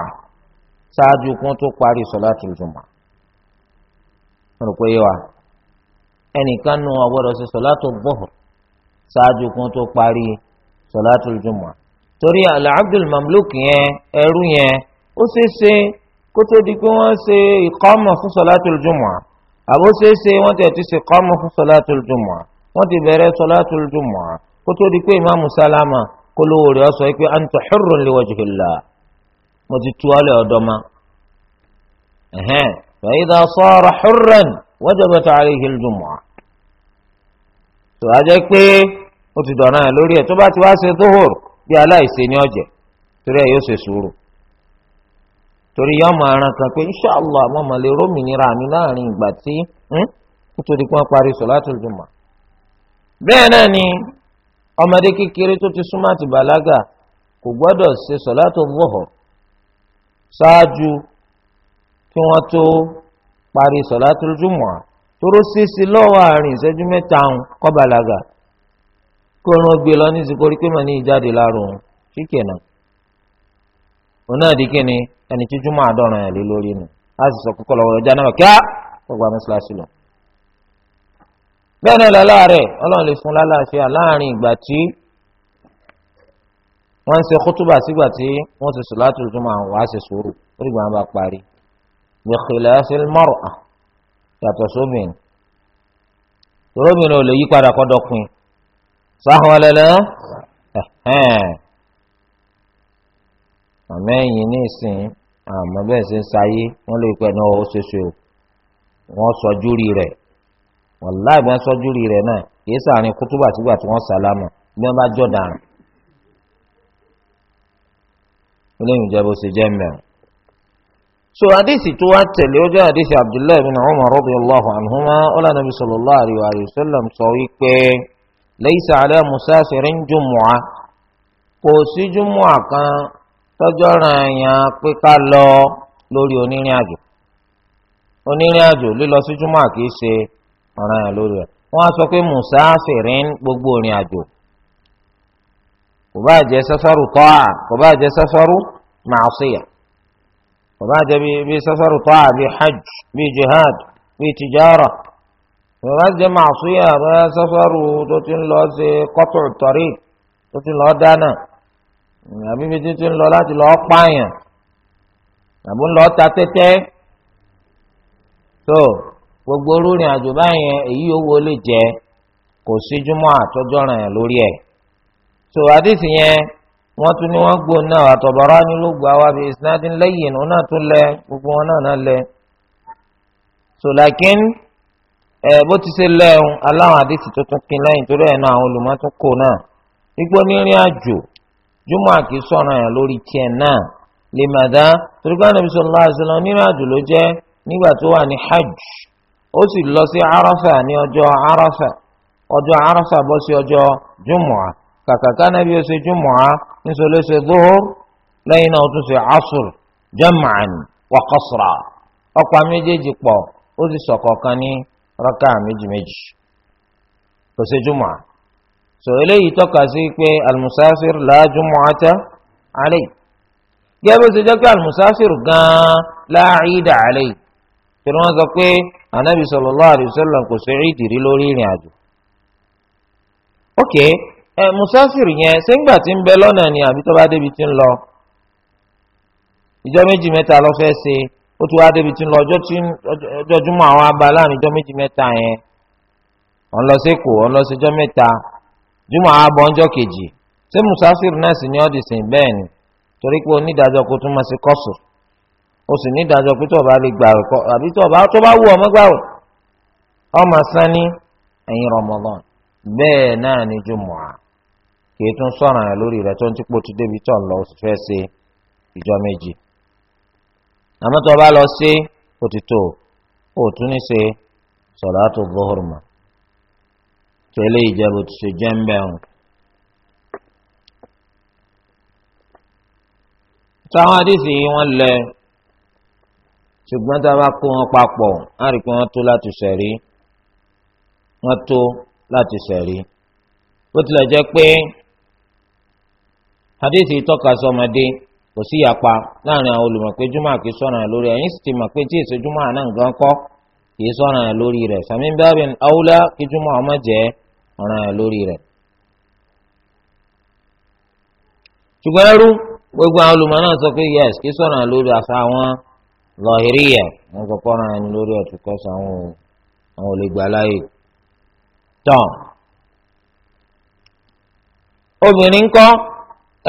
ṣáájú kún tó parí sọ̀látò jùmọ̀ rò pé wa ẹnìkan nínú wọn gbọ́dọ̀ ṣe sọ̀látò gbọ̀họ̀ ṣáájú kún tó parí sọ̀látò jùmọ̀ torí al-abdul mamluk yẹn ẹrú yẹn ó ṣeéṣe kó tó di pé wọ́n ṣe ìkọ́mọ̀ fún sọlátul jumu'ah àbó ṣeéṣe wọ́n ti ti ṣe ìkọ́mọ̀ fún sọlátul jumu'ah wọ́n ti bẹ̀rẹ̀ sọlátul jumu'ah kó tó di pé imaamu sálámà kó lówó rẹ̀ sọ pé anta hurrun li wajhillah mo ti tu ọ́lẹ̀ ọ̀dọ́ ma. fa idha sara hurran wajabat alayhi al-jumu'ah. sọ bí aláìsè ní ọ̀jẹ̀ torí ẹ̀ yóò ṣe sùúrù torí yọ ọmọ aràn kan pé inṣàlá àwọn ọmọ lè rómìnira mi láàrin ìgbà tí hmm, nítorí pé wọ́n parí sọ̀látùl jùmọ̀ bẹ́ẹ̀ náà ni ọmọdé kékeré tó ti súnmọ́ àti bàlágà kò gbọ́dọ̀ ṣe sọ̀látùl zuhur ṣáájú kí wọ́n tó parí kó irun gbé lọ ní ìsìnkú orí pé màá ní ìjáde láàrùn kíkẹ́ náà òun náà di kíni ẹni tí júmọ́ àádọ́rùn ẹ̀ lé lórí nù á sì sọ kókó lọ́wọ́ ọjà náà kíá gbogbo àmì síláṣí lọ. bẹ́ẹ̀ náà lálàárẹ̀ ọlọ́run lè fún lálàáfíà láàrin ìgbà tí wọ́n ń ṣe kútùbà sígbà tí wọ́n ti sùn láti júmọ́ àwọn wàá ṣe sùúrù ó dìgbà wọn bá parí. gbèkìlẹ̀ fi mọ́rọ̀ yàtọ̀ sóbìn. sòróbìnrin ò lè yí padà kọ́dọ̀kùn صح ولا لا؟ àmọ́ ẹ̀yìn nísìn àmọ́ bẹ́ẹ̀ ṣe ń sáyé wọ́n lè pẹ́ náà ó ṣeéṣe o wọ́n sọjú rí rẹ̀ wọ́n láìpẹ́ sọjú rí rẹ̀ náà kì sàárín kútúbà tígbà tí wọ́n sálámà bí wọ́n bá jọ dàrán. ṣe jẹ́ mẹ́rin. so àdìsí tó wá tẹ̀lé ó jẹ́ àdìsí Abdullahi bin Umar radiyallahu anhuma sọ wípé. laysa ala musafirin jumu'a kò sí jumu'a kan tọ́jọ́ ràn yàn pé ká lọ lórí onírìn àjò onírìn àjò lílọ sí jumu'a kìí ṣe ọ̀ràn yàn lórí rẹ̀ wọ́n á sọ pé musafirin gbogbo òrìn àjò kò bá jẹ́ sáfárù tọ́à kò bá jẹ́ sáfárù màásìyà kò bá jẹ́ bí sáfárù tọ́à bí hajj bí jihad bí tijara ìrora jẹ́ màṣúyà rẹ sọ́sọ́rù tó ti ń lọ ṣe kọ́tù tọ́rí tó ti lọ dáná àbí bí tó ti ń lọ láti lọ pààyàn àbí ń lọ ta tẹ́tẹ́ tó gbogbo orúrin àjò báyẹn èyí owó lè jẹ kò síjúmọ́ àtọ́jọ́ràn ẹ̀ lórí ẹ̀ tó àdìsí yẹn wọ́n tún ní wọ́n gbó náà àtọ̀bọ̀rọ̀ ni ló gbọ́ àwọn àbí ìsinadínlẹ́yìn náà tún lẹ gbogbo wọn náà náà lẹ. sòlákín. So, ẹ eh, bó ti ṣe lẹ́hùn aláwọn àdìsí tó tún pin lẹ́yìn torí ẹ̀ náà àwọn olùmọ́tún kò náà gbígbó nírìn àjò júmọ́ àkì sọ̀rọ̀ yẹn lórí tiẹ̀ náà lè má dá torí pé sọ̀rọ̀ lọ nírìn àjò ló jẹ́ nígbà tó wà ní hajj ó sì lọ sí ní ọjọ́ ọjọ́ bọ́ sí ọjọ́ kàkà ó ṣe níṣó ló ṣe lẹ́yìn náà ó tún ṣe asùr rákà méjì méjì kò sí jùmọ̀ so eléyìí tọ́ka sí pé almusafir la jumu'ata alayhi gẹ́gẹ́ bó ṣe jẹ́ pé almusafir gan-an la ida alayhi tí wọ́n sọ pé anabi sallallahu alayhi wa sallam kò sí ìdìrí lórí ìrìn àjò. ok ẹ musafir yẹn sẹ́ńgbà tí ń bẹ lọ́nà ni àbí tó débi tí ń lọ ìjọ méjì mẹ́ta ló fẹ́ ṣe ó ti wá débi tí ń lọ ọjọ́ tí ọjọ́júmọ́ àwọn abá láàrin ọjọ́ méjì mẹ́ta yẹn ọ̀n lọ sí Èkó ọ̀n lọ sí ọjọ́ mẹ́ta júmọ̀ àwọn abọ́ ọjọ́ kejì ṣé musafir náà sì ní ọ̀dìsìn bẹ́ẹ̀ ni torí pé onídàájọ́ kó tún máa ṣe kọ́sù ó sì nídàájọ́ pé tó bá lè gbà rẹ̀ kọ́ àbí tó bá bá wù ọmọ gbà rẹ̀ ọmọ sán ní ẹ̀yìn Ramadan bẹ́ẹ̀ náà ni júmọ̀ à kì í tún sọ̀ràn rẹ̀ lórí rẹ̀ tó ń tí pò ti débi tó ń lọ ó fẹ́ ṣe ìjọ méjì àmọ́ tó o bá lọ sí òtítọ́ o tún ní ṣe sọ̀látù zuhur mọ́ tẹ́lẹ̀ ìjẹ́bù tó ṣe jẹ́ ń bẹ̀rù. táwọn àdìsí yìí wọ́n lẹ̀ ṣùgbọ́n tá a bá kó wọn papọ̀ á rí i pé wọ́n tó láti sẹ̀rí wọ́n tó láti sẹ̀rí bó tilẹ̀ jẹ́ pé àdìsí tọ́ka sọmọdé. So kò sí yapa láàrin àwọn olùmọ̀ pé jùmọ̀ kì í sọ̀rọ̀ yẹn lórí ẹ̀yìn sì ti mọ̀ pé tí èso jùmọ̀ náà kọ́ kì í sọ̀rọ̀ yẹn lórí rẹ̀ sàmì bẹ́ẹ̀rẹ̀ awúlá kí jùmọ̀ ọmọ jẹ́ ọ̀rọ̀ yẹn lórí rẹ̀. ṣùgbọ́n ẹrú gbogbo àwọn olùmọ̀ náà sọ pé yẹs kì í sọ̀rọ̀ yẹn lórí àṣà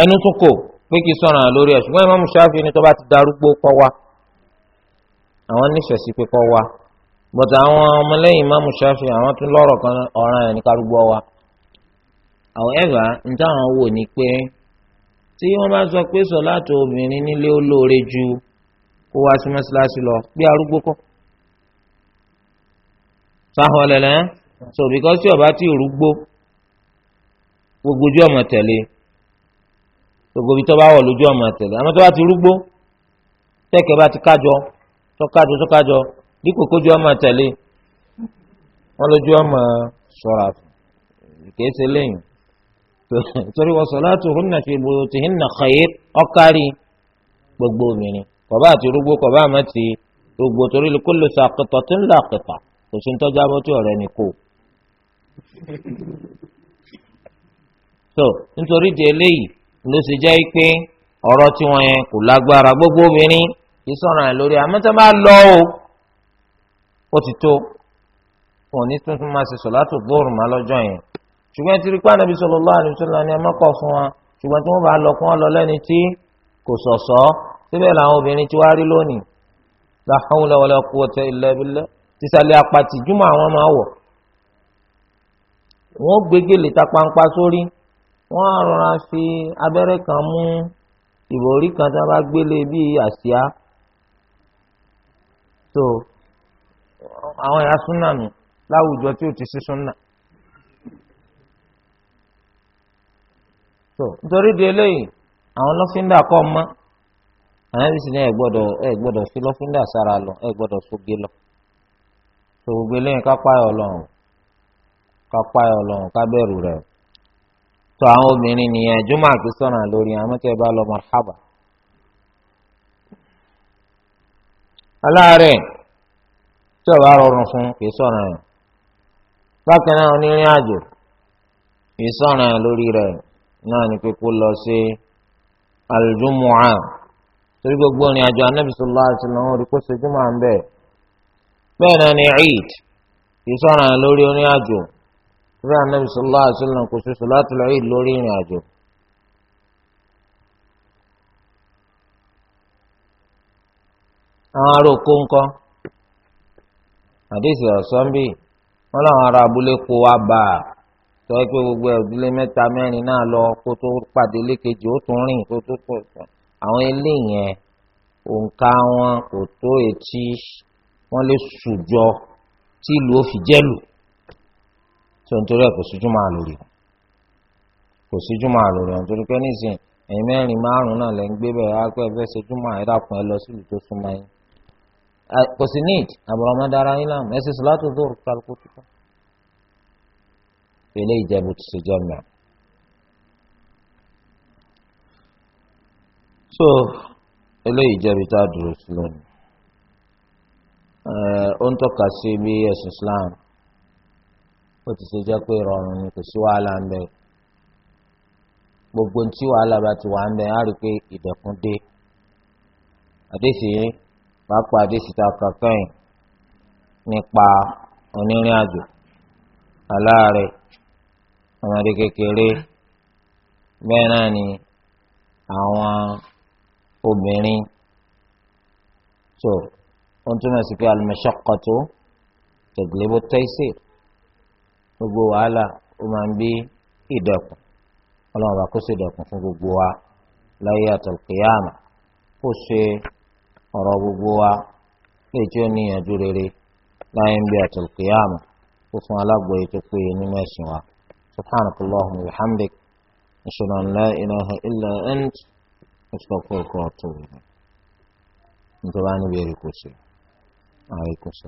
àwọn ẹ̀ pé kí sọ̀rọ̀ lórí ẹ̀ ṣùgbọ́n Imam Shafi ni tó bá ti darúgbó kọ́ wa àwọn nífẹ̀ẹ́ sí pé kọ́ wa bọ̀tà àwọn ọmọlẹ́yìn Imam Shafi àwọn tún lọ́rọ̀ kan ọ̀ràn ẹ̀ ní kárúgbó wa. however ní táwọn wò ní pé tí wọ́n bá sọ pé sọ̀láàtì obìnrin nílé ó ju kó wá sí mọ́ṣáláṣí lọ gbé arúgbó kọ́. sáhọ́ lẹ́lẹ́ so because tí ọba ti rúgbó gbogbo ojú ọmọ tẹ̀lé gbogbo ibi tó bá wọ̀ lójú ọmọ àtẹ̀lé àmọ́ tó bá ti rúgbó tẹ́kẹ̀ bá ti kájọ tọ́kájọ tọ́kájọ dípò kójú ọmọ àtẹ̀lé wọn lójú ọmọ sọ̀rọ̀ kìí ṣe lẹ́yìn torí wa salatuhunna fi buyutihinna khayr ọ̀kárí gbogbo obìnrin kọ̀bá àti rúgbó kọ̀bá àmọ́ ti rúgbó torí kullu saqitatun laqita kò sí ń tọ́jú abọ́tí ọ̀rẹ́ ni kò so nítorí di eléyìí ló ṣe jẹ́ pé ọ̀rọ̀ tí wọ́n yẹn kò lágbára gbogbo obìnrin kì í sọ̀rọ̀ ẹ̀ lórí àmọ́ tí wọ́n bá lọ o ó ti tó wọn ní tuntun máa ṣe sọ̀látò gbóòrò má lọ́jọ́ yẹn ṣùgbọ́n tí rípa nàbí sallallahu alaihi wasallam ni ẹ mọ́kọ̀ fún wa ṣùgbọ́n tí wọ́n bá lọ kún ọ lọ lẹ́ni tí kò sọ̀sọ́ síbẹ̀ làwọn obìnrin ti wá rí lónìí la hawla wala quwwata illa billah tísàlẹ̀ apàtì júmọ̀ àwọn máa wọ̀ wọ́n gbégélé ta pampa sórí wọ́n á rọra fi abẹ́rẹ́ kan mú ìròrí kan tí wọ́n bá gbélé bíi àsíá so àwọn ẹ̀yà súnà nù láwùjọ tí ó ti sí súnà. so nítorí di eléyìí àwọn lọ́fíńdà kọ́ mọ́ ànábi sì ní ẹ gbọ́dọ̀ ẹ gbọ́dọ̀ fi lọ́fíńdà sára lọ ẹ gbọ́dọ̀ soge lọ so gbogbo eléyìí ká páyọ̀ lọ́rùn ká páyọ̀ rẹ̀ o sọ àwọn obìnrin nìyẹn jùmọ̀ àti sọ̀nà lórí àmọ́ tí ẹ bá lọ marhaba. aláàárẹ̀ tí ọba rọrùn fún kì í sọ̀nà rẹ̀ bákan náà onírìn àjò kì í sọ̀nà lórí rẹ̀ náà ni pé kó lọ sí aljumu'a torí gbogbo ìrìn àjò anabi sallallahu alaihi wasallam orí jùmọ̀ à ń bẹ̀ bẹ́ẹ̀ náà ni eid kì í sọ̀nà lórí onírìn àjò rẹ anabi sọlá àṣìlẹ kò ṣe sọláàtù lẹ́yìn lórí ìrìn àjò. àwọn ará oko ńkọ́ àdéhìí ọ̀sán bíi wọn làwọn ará abúlé kó wa bá a sọ pé gbogbo ìdílé mẹ́ta mẹ́rin náà lọ kó tó pàdé lékejì ó tún rìn kó tó pọ̀ sàn àwọn ilé yẹn òǹkà wọn kò tó etí wọn lè sùjọ tí ìlú ó fi jẹ́lù tó nítorí ẹ kò síjú máa lórí kò síjú máa lórí ọ̀hún torí pé nísìnyí ẹ̀yin mẹ́rin márùn-ún náà lẹ́ ń gbé bẹ́ẹ̀ á pẹ́ fẹ́ ṣojú máa ẹ dákun ẹ lọ sílùú tó súnmọ́ yín kò sí ní àbọ̀rọ̀mọdára yín láàmú ẹ sì sọ láti dó òrùka lóko tó kọ́ ilé ìjẹ́bù tó ṣe jẹ́ mẹ́rin. so eléyìí jẹ́bi tá a dúró sí lónìí ó ń tọ́ka sí bí ẹ̀sìn Islam bó ti ṣe jẹ́ pé rọrùn ni kò sí wàhálà ń bẹ gbogbo tí wàhálà bá ti wà ń bẹ á rí i pé ìdẹ̀kùn dé àdéhìí yẹn pàápàá àdéhìí ta kankan nípa onírìn àjò aláàárẹ̀ ọmọdé kékeré bẹ́ẹ̀ náà ni àwọn obìnrin tó ń túmọ̀ sí pé al-mashaqqatu taglibu at-taysir. gbogbo wàhálà ó máa ń bí ìdẹ̀kùn ọlọ́run bá kó sí ìdẹ̀kùn fún gbogbo wa láyé àtọ̀kìyàmà kó ṣe ọ̀rọ̀ gbogbo wa lè tí ó rere láyé ń bí àtọ̀kìyàmà kó fún alágbóye tó péye nínú ẹ̀sìn wa nítorí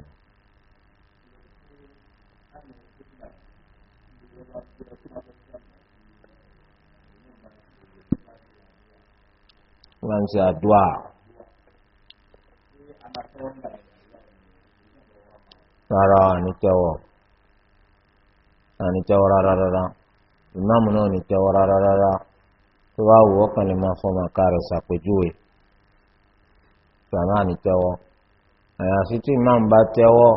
máa ń ṣe àdúà. rárá àní tẹ́wọ̀ àní tẹ́wọ̀ rárá rárá ìmáàmù náà ní tẹ́wọ̀ rárá rárá tó bá wù ọ́ kàn lè máa fọ́ màkà rẹ̀ ṣàpèjúwe sàmà ní tẹ́wọ́ àyàfi tí ìmáàmù bá tẹ́wọ́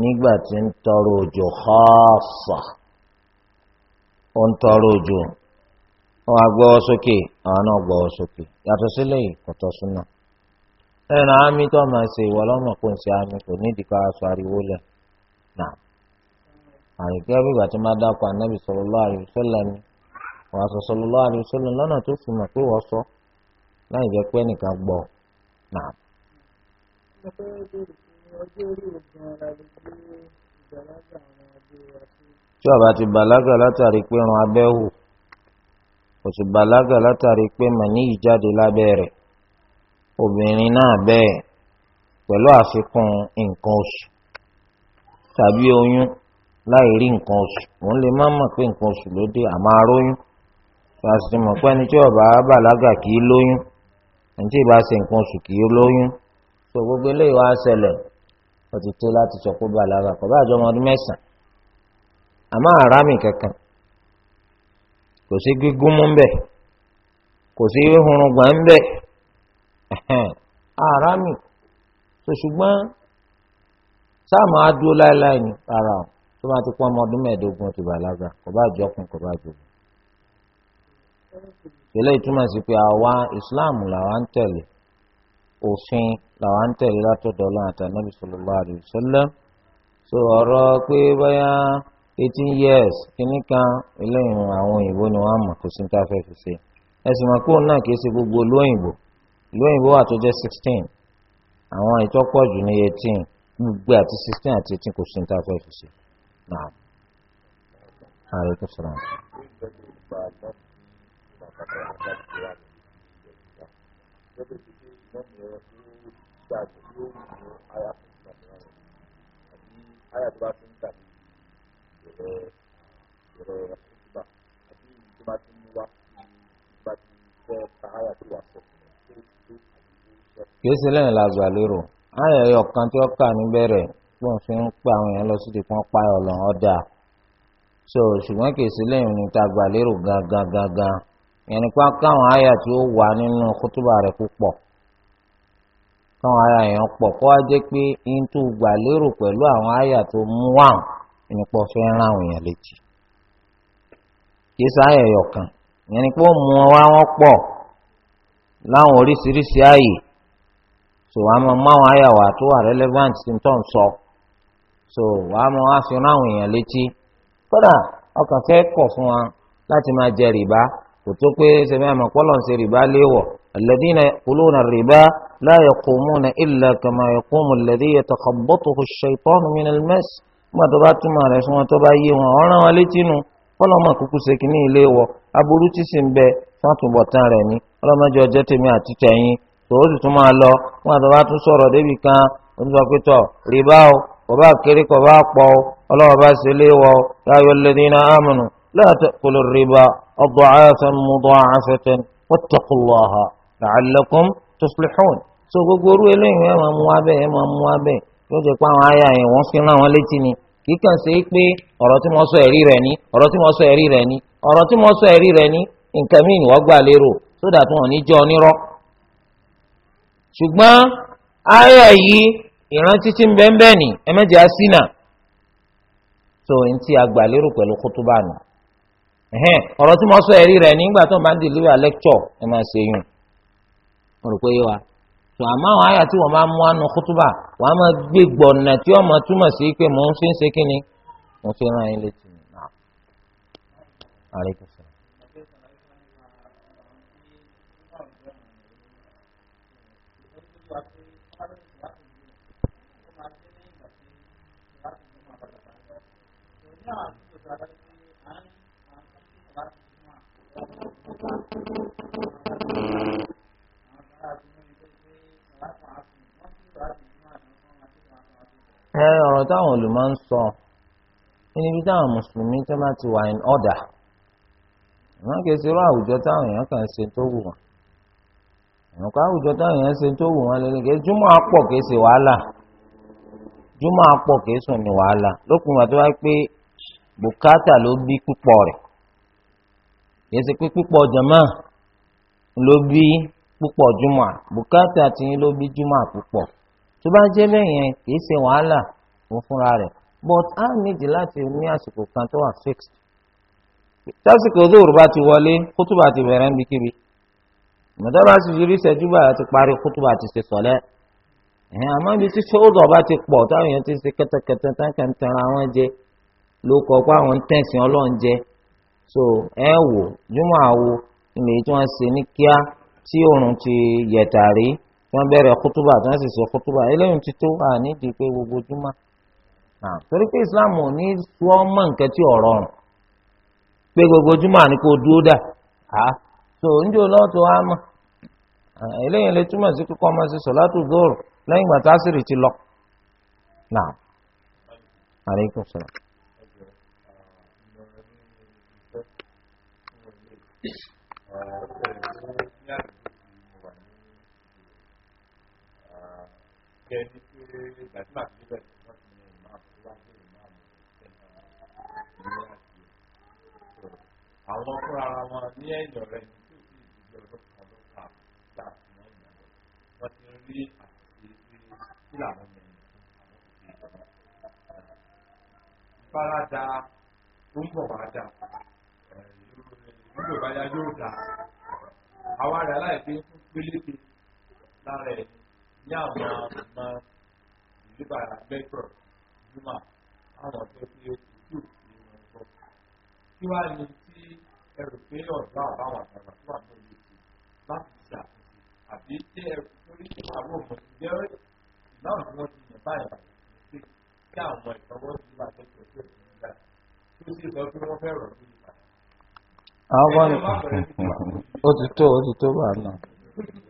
nígbà tí ń tọrọ òjò xọ́ọ̀sà ó ń tọrọ òjò ọ wá gbọ́ sókè àwọn náà gbọ́ sókè yàtọ̀ sílẹ̀ ìkọ̀tọ̀ súnà lẹ́yìn àmì tó máa ṣe kò ń ṣe àmì kò ní aṣọ ariwo lẹ̀ náà àyíká bíbà tí máa dákọ̀ ànábì ni wàá sọ sallallahu alaihi tó fi pé wọ́n sọ láì jẹ́ pé ẹnìkan oṣù bàlágà látàrí pé màníyì jáde lábẹ́ rẹ̀ obìnrin náà bẹ́ẹ̀ pẹ̀lú àfikún nǹkan oṣù tàbí oyún láì rí nǹkan oṣù òun lè má mọ̀ pé nǹkan oṣù ló dé àmọ́ aróyún fàṣẹ mọ̀ pé ẹni tí ọba bàlágà kì í lóyún ẹni tí ìbá ṣe nǹkan oṣù kì í lóyún tó gbogbo eléyìí wá ṣẹlẹ̀ ó ti tó láti sọ pé bàlágà kò bá àjọ ọmọ ọdún mẹ́sàn-án àmọ́ àrámì kankan kò sí gígùn mú bẹ́ẹ̀ kò sí hurungba ń bẹ ara mi tó ṣùgbọ́n sáàmù adúró láéláé ni ara o tó máa ti pọ́n ọmọ ọdún mẹ́ẹ̀ẹ́dógún ti bàlágà kò bá jọkùn kò bá jòkùn. ìpínlẹ̀ ìtumọ̀ sí pé àwa Islam làwa ń tẹ̀lé òfin làwa ń tẹ̀lé látọ̀dọ̀ ọlọ́run àtànábì sallallahu alaihi wasallam sọ ọ̀rọ̀ pé bóyá eighteen years kìíní kan eléyìí àwọn òyìnbó ni wọ́n á mọ̀ kó sí tá a fẹ́ fi ṣe ẹ̀sìn mọ̀ kóun náà kìí ṣe gbogbo olóyìnbó olóyìnbó wà tó jẹ́ sixteen àwọn ìtọ́pọ̀ jù ní eighteen gbogbo àti sixteen àti eighteen kò sí tá a fẹ́ fi ṣe náà ààrẹ tó sọ̀rọ̀ ọ̀rọ̀ àtúntà àbí ìlú tó bá ti mú wá bá ti kọ́ káyà tó wà sọ. yéésì lẹ́yìn la gbà lérò ayọ̀ ẹ̀yọ̀ kan tí ó kà níbẹ̀rẹ̀ tó ń fi ń pa àwọn èèyàn lọ sí ti pọ́n pa ọ̀lọ́ ọ̀dà so ṣùgbọ́n kèsì lẹ́yìn ní ta gbà lérò gangan gangan yẹn nípa káwọn àyà tí ó wà nínú kútùbà rẹ̀ púpọ̀ káwọn àyà yẹn pọ̀ kó wá jẹ́ pé n tó gbà lérò pẹ̀lú àwọn àyà tó mú wà hàn ẹni pọ̀ fẹ́ rán àwọn èèyàn létí kì í sáyẹ̀ yọ̀kan ìyẹn ni pé ó mú wa wọ́n pọ̀ láwọn oríṣiríṣi ààyè so wàá mọ máwọn àyàwó tó wà relevant symptom sọ so wàá mọ wá fi rán àwọn èèyàn létí kódà ọkàn fẹ́ kọ̀ fún wa láti máa jẹ rìbá kò tó pé sẹ́mi àmọ́ pọ́lọ̀ ń ṣe rìbá léwọ̀ alladhina ya'kuluna ar-riba la yaqumuna illa kama yaqumu alladhi yatakhabbathu ash-shaytanu mina al-mas nígbà tó bá túmọ̀ rẹ̀ fún wọn tó bá yé wọn ọ̀ràn wọn létí nu fọlọ́mọ kúkú ṣe kínní ilé wọ aburú tí sì ń bẹ sátúbọ̀tán rẹ̀ ni ọlọ́mọdé ọjọ́ tèmi àti tẹ̀yìn tòun sì tún máa lọ nígbà tó bá tún sọ̀rọ̀ débì kan oníṣàpẹ̀tọ̀ rìbá o kọ̀bá kéré kọ̀bá pọ̀ o ọlọ́wọ́ bá ṣe lé wọ láyọ̀ lẹ́dínà àmùnù láti kòlò rìbá ọgbọ̀ yóò jẹ́ pé àwọn aya yẹn wọ́n fi rán wọn létí ni kì í kàn ṣe pé ọ̀rọ̀ tí mo sọ ẹ̀rí rẹ̀ ni ọ̀rọ̀ tí mo sọ ẹ̀rí rẹ̀ ni ọ̀rọ̀ tí mo sọ ẹ̀rí rẹ̀ ni nǹkan mìíràn wọ́n gbà lérò sódà tí wọ́n aya yìí ìrántí tí ń bẹ́ẹ̀ bẹ́ẹ̀ ni á tó ń ti sọ ẹ̀rí rẹ̀ nígbà tó ń bá ń sùn àmọ́ àwọn àyà tí wọ́n máa mú àánú kútúbà wọ́n á máa gbé gbọ̀nà tí wọ́n máa túmọ̀ sí pé mò ń fi ń ṣe kí mo fi ràn yín létí mi náà. Thank you. ẹ ọ̀rọ̀ táwọn olùmọ̀ ń sọ níbi táwọn mùsùlùmí tó bá ti wà in order àwọn kèsì rọ àwùjọ táwọn èèyàn kàn ṣe tó wù wọn àwọn kan àwùjọ táwọn èèyàn ṣe tó wù wọn lẹ́nu kèsì júmọ̀ àpọ̀ kèé ṣe wàhálà júmọ̀ àpọ̀ kèé sùn ní wàhálà lópin ìgbà tó pé bùkátà ló bí púpọ̀ rẹ̀ kèé pé púpọ̀ jàmá ló bí púpọ̀ júmọ̀ bùkátà tiyín ló bí júmọ̀ púpọ̀ tó bá jẹ́ bẹ́ẹ̀ yẹn kì í ṣe wàhálà òun fúnra rẹ̀ but a nídìí láti ní àsìkò kan tó wà fixed tásìkò dóòrù bá ti wọlé kótóbà ti bẹ̀rẹ̀ níbikíbi mọ̀tàbà sì fi rí ìṣẹ́jú báyà ti parí kótóbà ti ṣe sọ̀lẹ́ ẹ̀ àmọ́ ibi tí ṣóòdọ̀ bá ti pọ̀ táwọn èèyàn ti ṣe kẹ́tẹ́kẹ́tẹ́ táǹkà ń jẹ ló kọ́ pé àwọn ń tẹ̀sìn ọlọ́run jẹ so ẹ wò júmọ̀ àwo ilé tí wọ́n ṣe ní kíá tí òòrùn ti yẹ̀tàrí wọ́n bẹ̀rẹ̀ kútúbà tí wọ́n sì sọ kútúbà eléyìí ti tó à pé gbogbo ojúmọ́ torí pé islam ò ní wọ́n mọ̀ nǹkan tí ọ̀rọ̀ rùn gbogbo juma àní kò dúró dà á tó oúnjẹ olóòótọ́ á mọ̀ eléyìí lè túmọ̀ sí kíkọ́ ọmọ sí sọ̀látù dóòrò lẹ́yìn ìgbà tá kẹ ní pé ìgbà tí màá fi bẹ̀rẹ̀ wọ́n ti yan ìmáà tó àwọn fúnra wọn ní ẹ̀yọ̀ rẹ̀ ní tí ò sí ìdíje ọdún kan ló kà gbà fún wọn ìyàwó wọ́n ti rí àti kí làwọn mẹ́rin àwọn kò sí ìjọba. ìfaradà tó ń bọ̀ wá dà nígbà báyá yóò dà àwa rẹ̀ aláìpé fún pélékè lára ẹ̀yìn ní àwọn ọmọ ìjọba mẹ́tọ̀ jùmọ̀ àwọn ọ̀dọ́ tí ó ti kú nínú ọgbọ́n. kí wàá ní tí ẹrù pé ọ̀dọ́ àbáwọn àgbàgbà tó wà ní ìlú láti ṣe àtúnṣe àbí tí ẹrù torí àwọn ọmọ ìjẹ́ ìbáwọn tí wọ́n ti yàn báyìí àti kí àwọn ìtọ́wọ́ ìjọba mẹ́tọ̀ tó ti ń gbà tó sì sọ pé wọ́n fẹ́ rọ̀ ní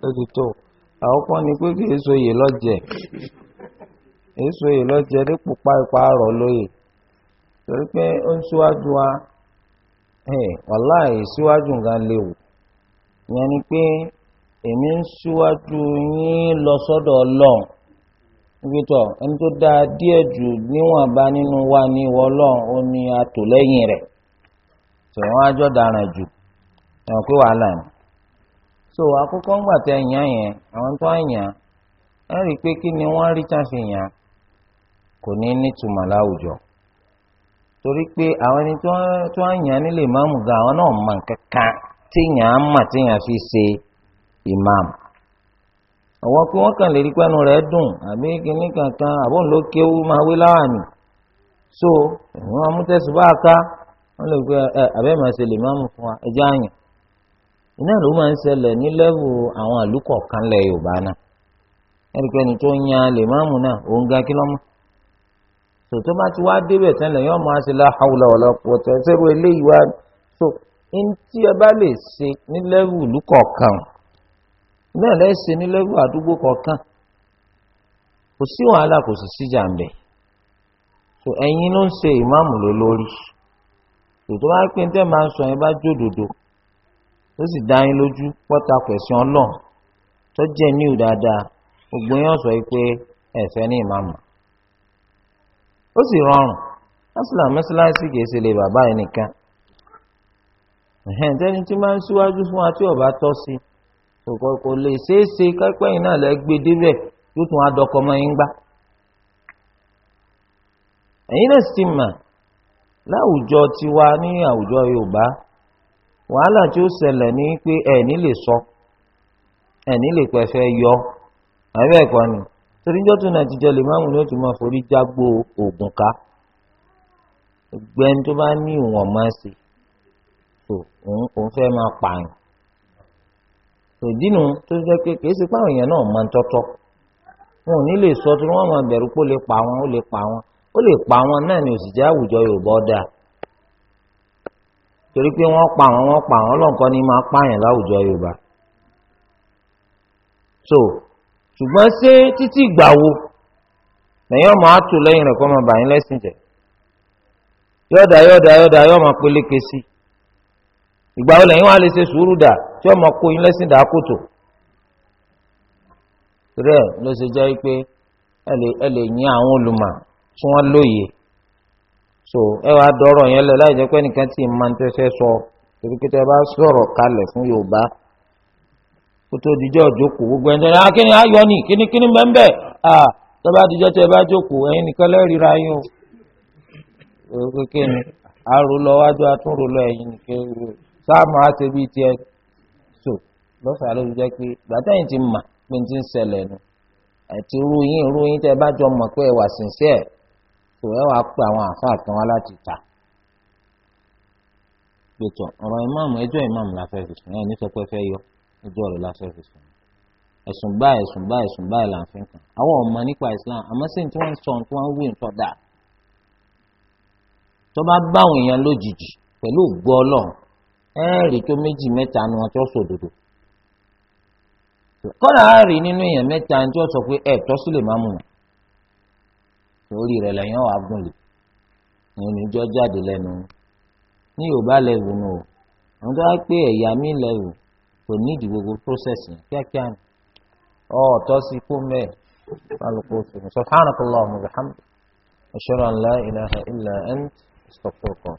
àwọn ó àkọ́kọ́ ni pé kí èso yè lọ́jẹ̀ èso yè lọ́jẹ̀ dípò pápá rọ̀ lóye torí pé ó ń síwájú wa ọ̀la ìsíwájú nǹkan léwu ìyẹn ni pé èmi ń síwájú yín lọ sọ́dọ̀ ọlọ́run níbi tó ẹni tó dáa díẹ̀ jù níwọ̀nba nínú wa ní ìwọ ọlọ́run ó ní atòlẹ́yìn rẹ̀ tòun ájọ́ daràn jù ẹ̀wọ̀n pé wàhálà ni. so àkọ́kọ́ ń gbà tẹ yàn yẹn àwọn tó yàn ẹ rí i pé kí ni wọ́n rí tán fi yàn kò ní nítumọ̀ láwùjọ torí pé àwọn ẹni tó yàn nílé ìmáàmù gan àwọn náà mọ̀ kankan téèyàn á mà téèyàn fi ṣe ìmáàmù àwọn pé wọ́n kàn lè rí pẹ́nu rẹ̀ dùn àbí kínní kankan àbọ̀n ló kéwú máa wí láwàní so wọ́n mú tẹ̀sùbáà ká wọ́n lè gbé ẹ àbẹ́mọ̀ ṣe lè máàmù fún wa ẹjẹ́ àyàn iná ló máa ń ṣẹlẹ̀ ní lẹ́wù àwọn àlùkò kanlẹ̀ yorùbá náà ẹnikẹ́ni tó ń yan lèmáàmù náà òun ga kí lọ́mọ tòtó bá ti wá débẹ̀ tẹ́lẹ̀ yóò máa ṣe láhàwùlà ọ̀lọ́pọ̀ tẹ́ eléyìí wá so ntí ẹ bá lè ṣe ní lẹ́wù lùkọ̀ọ̀kan náà lẹ́ ṣe ní lẹ́wù àdúgbò kọ̀ọ̀kan kò sí wàhálà kò sì sí jàǹbẹ̀ so ẹ̀yin ló ń ṣe ìmáàmù lólórí tòtó bá pín tẹ́ máa ń sọ ẹ bá jódòdò ó sì dá yín lójú pọ́ta pẹ̀sìn ọlọ́run tó jẹ́ níwù dáadáa gbogbo yín sọ pé ẹ̀fẹ́ ní ìmáàmù ó sì rọrùn mọ́sálà mọ́sálásí kìí ṣe lè bàbá yìí nìkan ẹ̀hẹ́ntẹ́ni tí máa ń síwájú fún wa tí ọba tọ́ sí kò lè ṣeé ṣe kápẹ́ yìí náà lẹ́ gbé débẹ̀ yóò tún adọ́kọ mọ́ yín gbá ẹ̀yin náà sì mà láwùjọ tiwa ní àwùjọ Yorùbá wàhálà tí ó ṣẹlẹ̀ ní pé ẹ̀ní lè sọ ẹ̀ní lè pẹ́ yọ àbẹ́ ẹ̀kọ́ ni torí jọ́tù náà ti jẹ́ lèmáàmù ni ó tún máa forí jágbó ògùn ká gbẹ́ni tó bá ní ìwọ̀n máa ṣe tó òun fẹ́ máa pààyàn tòdínú tó jẹ́ pé kìí ṣe páwọn èèyàn náà máa ń tọ́tọ́ wọn ò ní lè sọ tí wọ́n máa bẹ̀rù pé ó lè pa wọn ó lè pa wọn ó lè pa wọn náà ni òsì jẹ́ àwùjọ torí pé wọ́n pa àwọn wọ́n pa àwọn ọlọ́nkọ́ ni máa pààyàn láwùjọ yorùbá so ṣùgbọ́n ṣé títí ìgbà wo lẹ́yìn ọmọ àtò lẹ́yìn rẹ̀ kọ́ máa bà yín lẹ́sìn jẹ́ yọ̀dà yọ̀dà yọ̀dà yọ̀ máa peléke sí ìgbà wo lẹ́yìn wà lè ṣe sùúrù dà tí ọmọ kó yín lẹ́sìn dà kòtò rẹ̀ ló ṣe jẹ́ pé ẹ lè yín àwọn olùmọ̀ tí wọ́n lóye so ẹ wàá dọ̀rọ̀ yẹn lẹ láì jẹ́ pé nìkan tí ì máa ń tẹ́fẹ́ sọ torí pé tẹ́ bá sọ̀rọ̀ kalẹ̀ fún yorùbá kó tó dijọ́ jókòó gbogbo ẹni tẹ́lẹ̀ ah kíni ayọ̀ ni kíni kíni bẹ́ẹ̀ ah tọ́ba dijọ́ tẹ́ bá jókòó ẹ̀yin nìkan lẹ́rìíra yín o kékeré ni arò lọ wájú atúrò lọ ẹ̀yin nìkan sáàmù àti bíi tiẹ̀ so lọ́sàá ló jẹ́ pé gbàtẹ́yìn ti mà pé ti ń ṣẹlẹ̀ nu àti ròyìn ròyìn tẹ́ bá jọ mọ̀ pé ẹ wà sincere tó ẹ wàá pe àwọn àáfàá kan wá láti ta gbẹtọ ọ̀rọ̀ ìmáàmù ẹjọ́ ìmáàmù la fẹẹ fi sùn ẹ nífẹẹ pẹ fẹẹ yọ ẹjọ́ rẹ̀ la fẹẹ fi sùn ẹ̀sùn báyìí ẹ̀sùn báyìí ẹ̀sùn báyìí là ń fi kàn àwọn ọmọ nípa Islam àmọ́ sí ní tí wọn ń sọ tí wọn ń wí nǹkan dà tó bá bá àwọn èèyàn lójijì pẹ̀lú ògbó Ọlọ́run ẹ rí tó méjì mẹ́ta ni wọn tó sòdodo kọ́dà á rí nínú èèyàn mẹ́ta ni tí sọ pé ẹ̀ tọ́sílẹ̀ máa mú wọn orí rẹ̀ lẹ́yìn wà gùnlé ìyẹn níjọ́ jáde lẹ́nu ní yorùbá level nù o àwọn tó wá pé ẹ̀yà mi level kò nídìí gbogbo process yẹn kíákíá ni ọ̀ọ́tọ́ sí kó mẹ́ẹ̀ alùpùpù fún mi subhanakallahumma wa bihamdika ashhadu an la ilaha illa ant astaghfiruka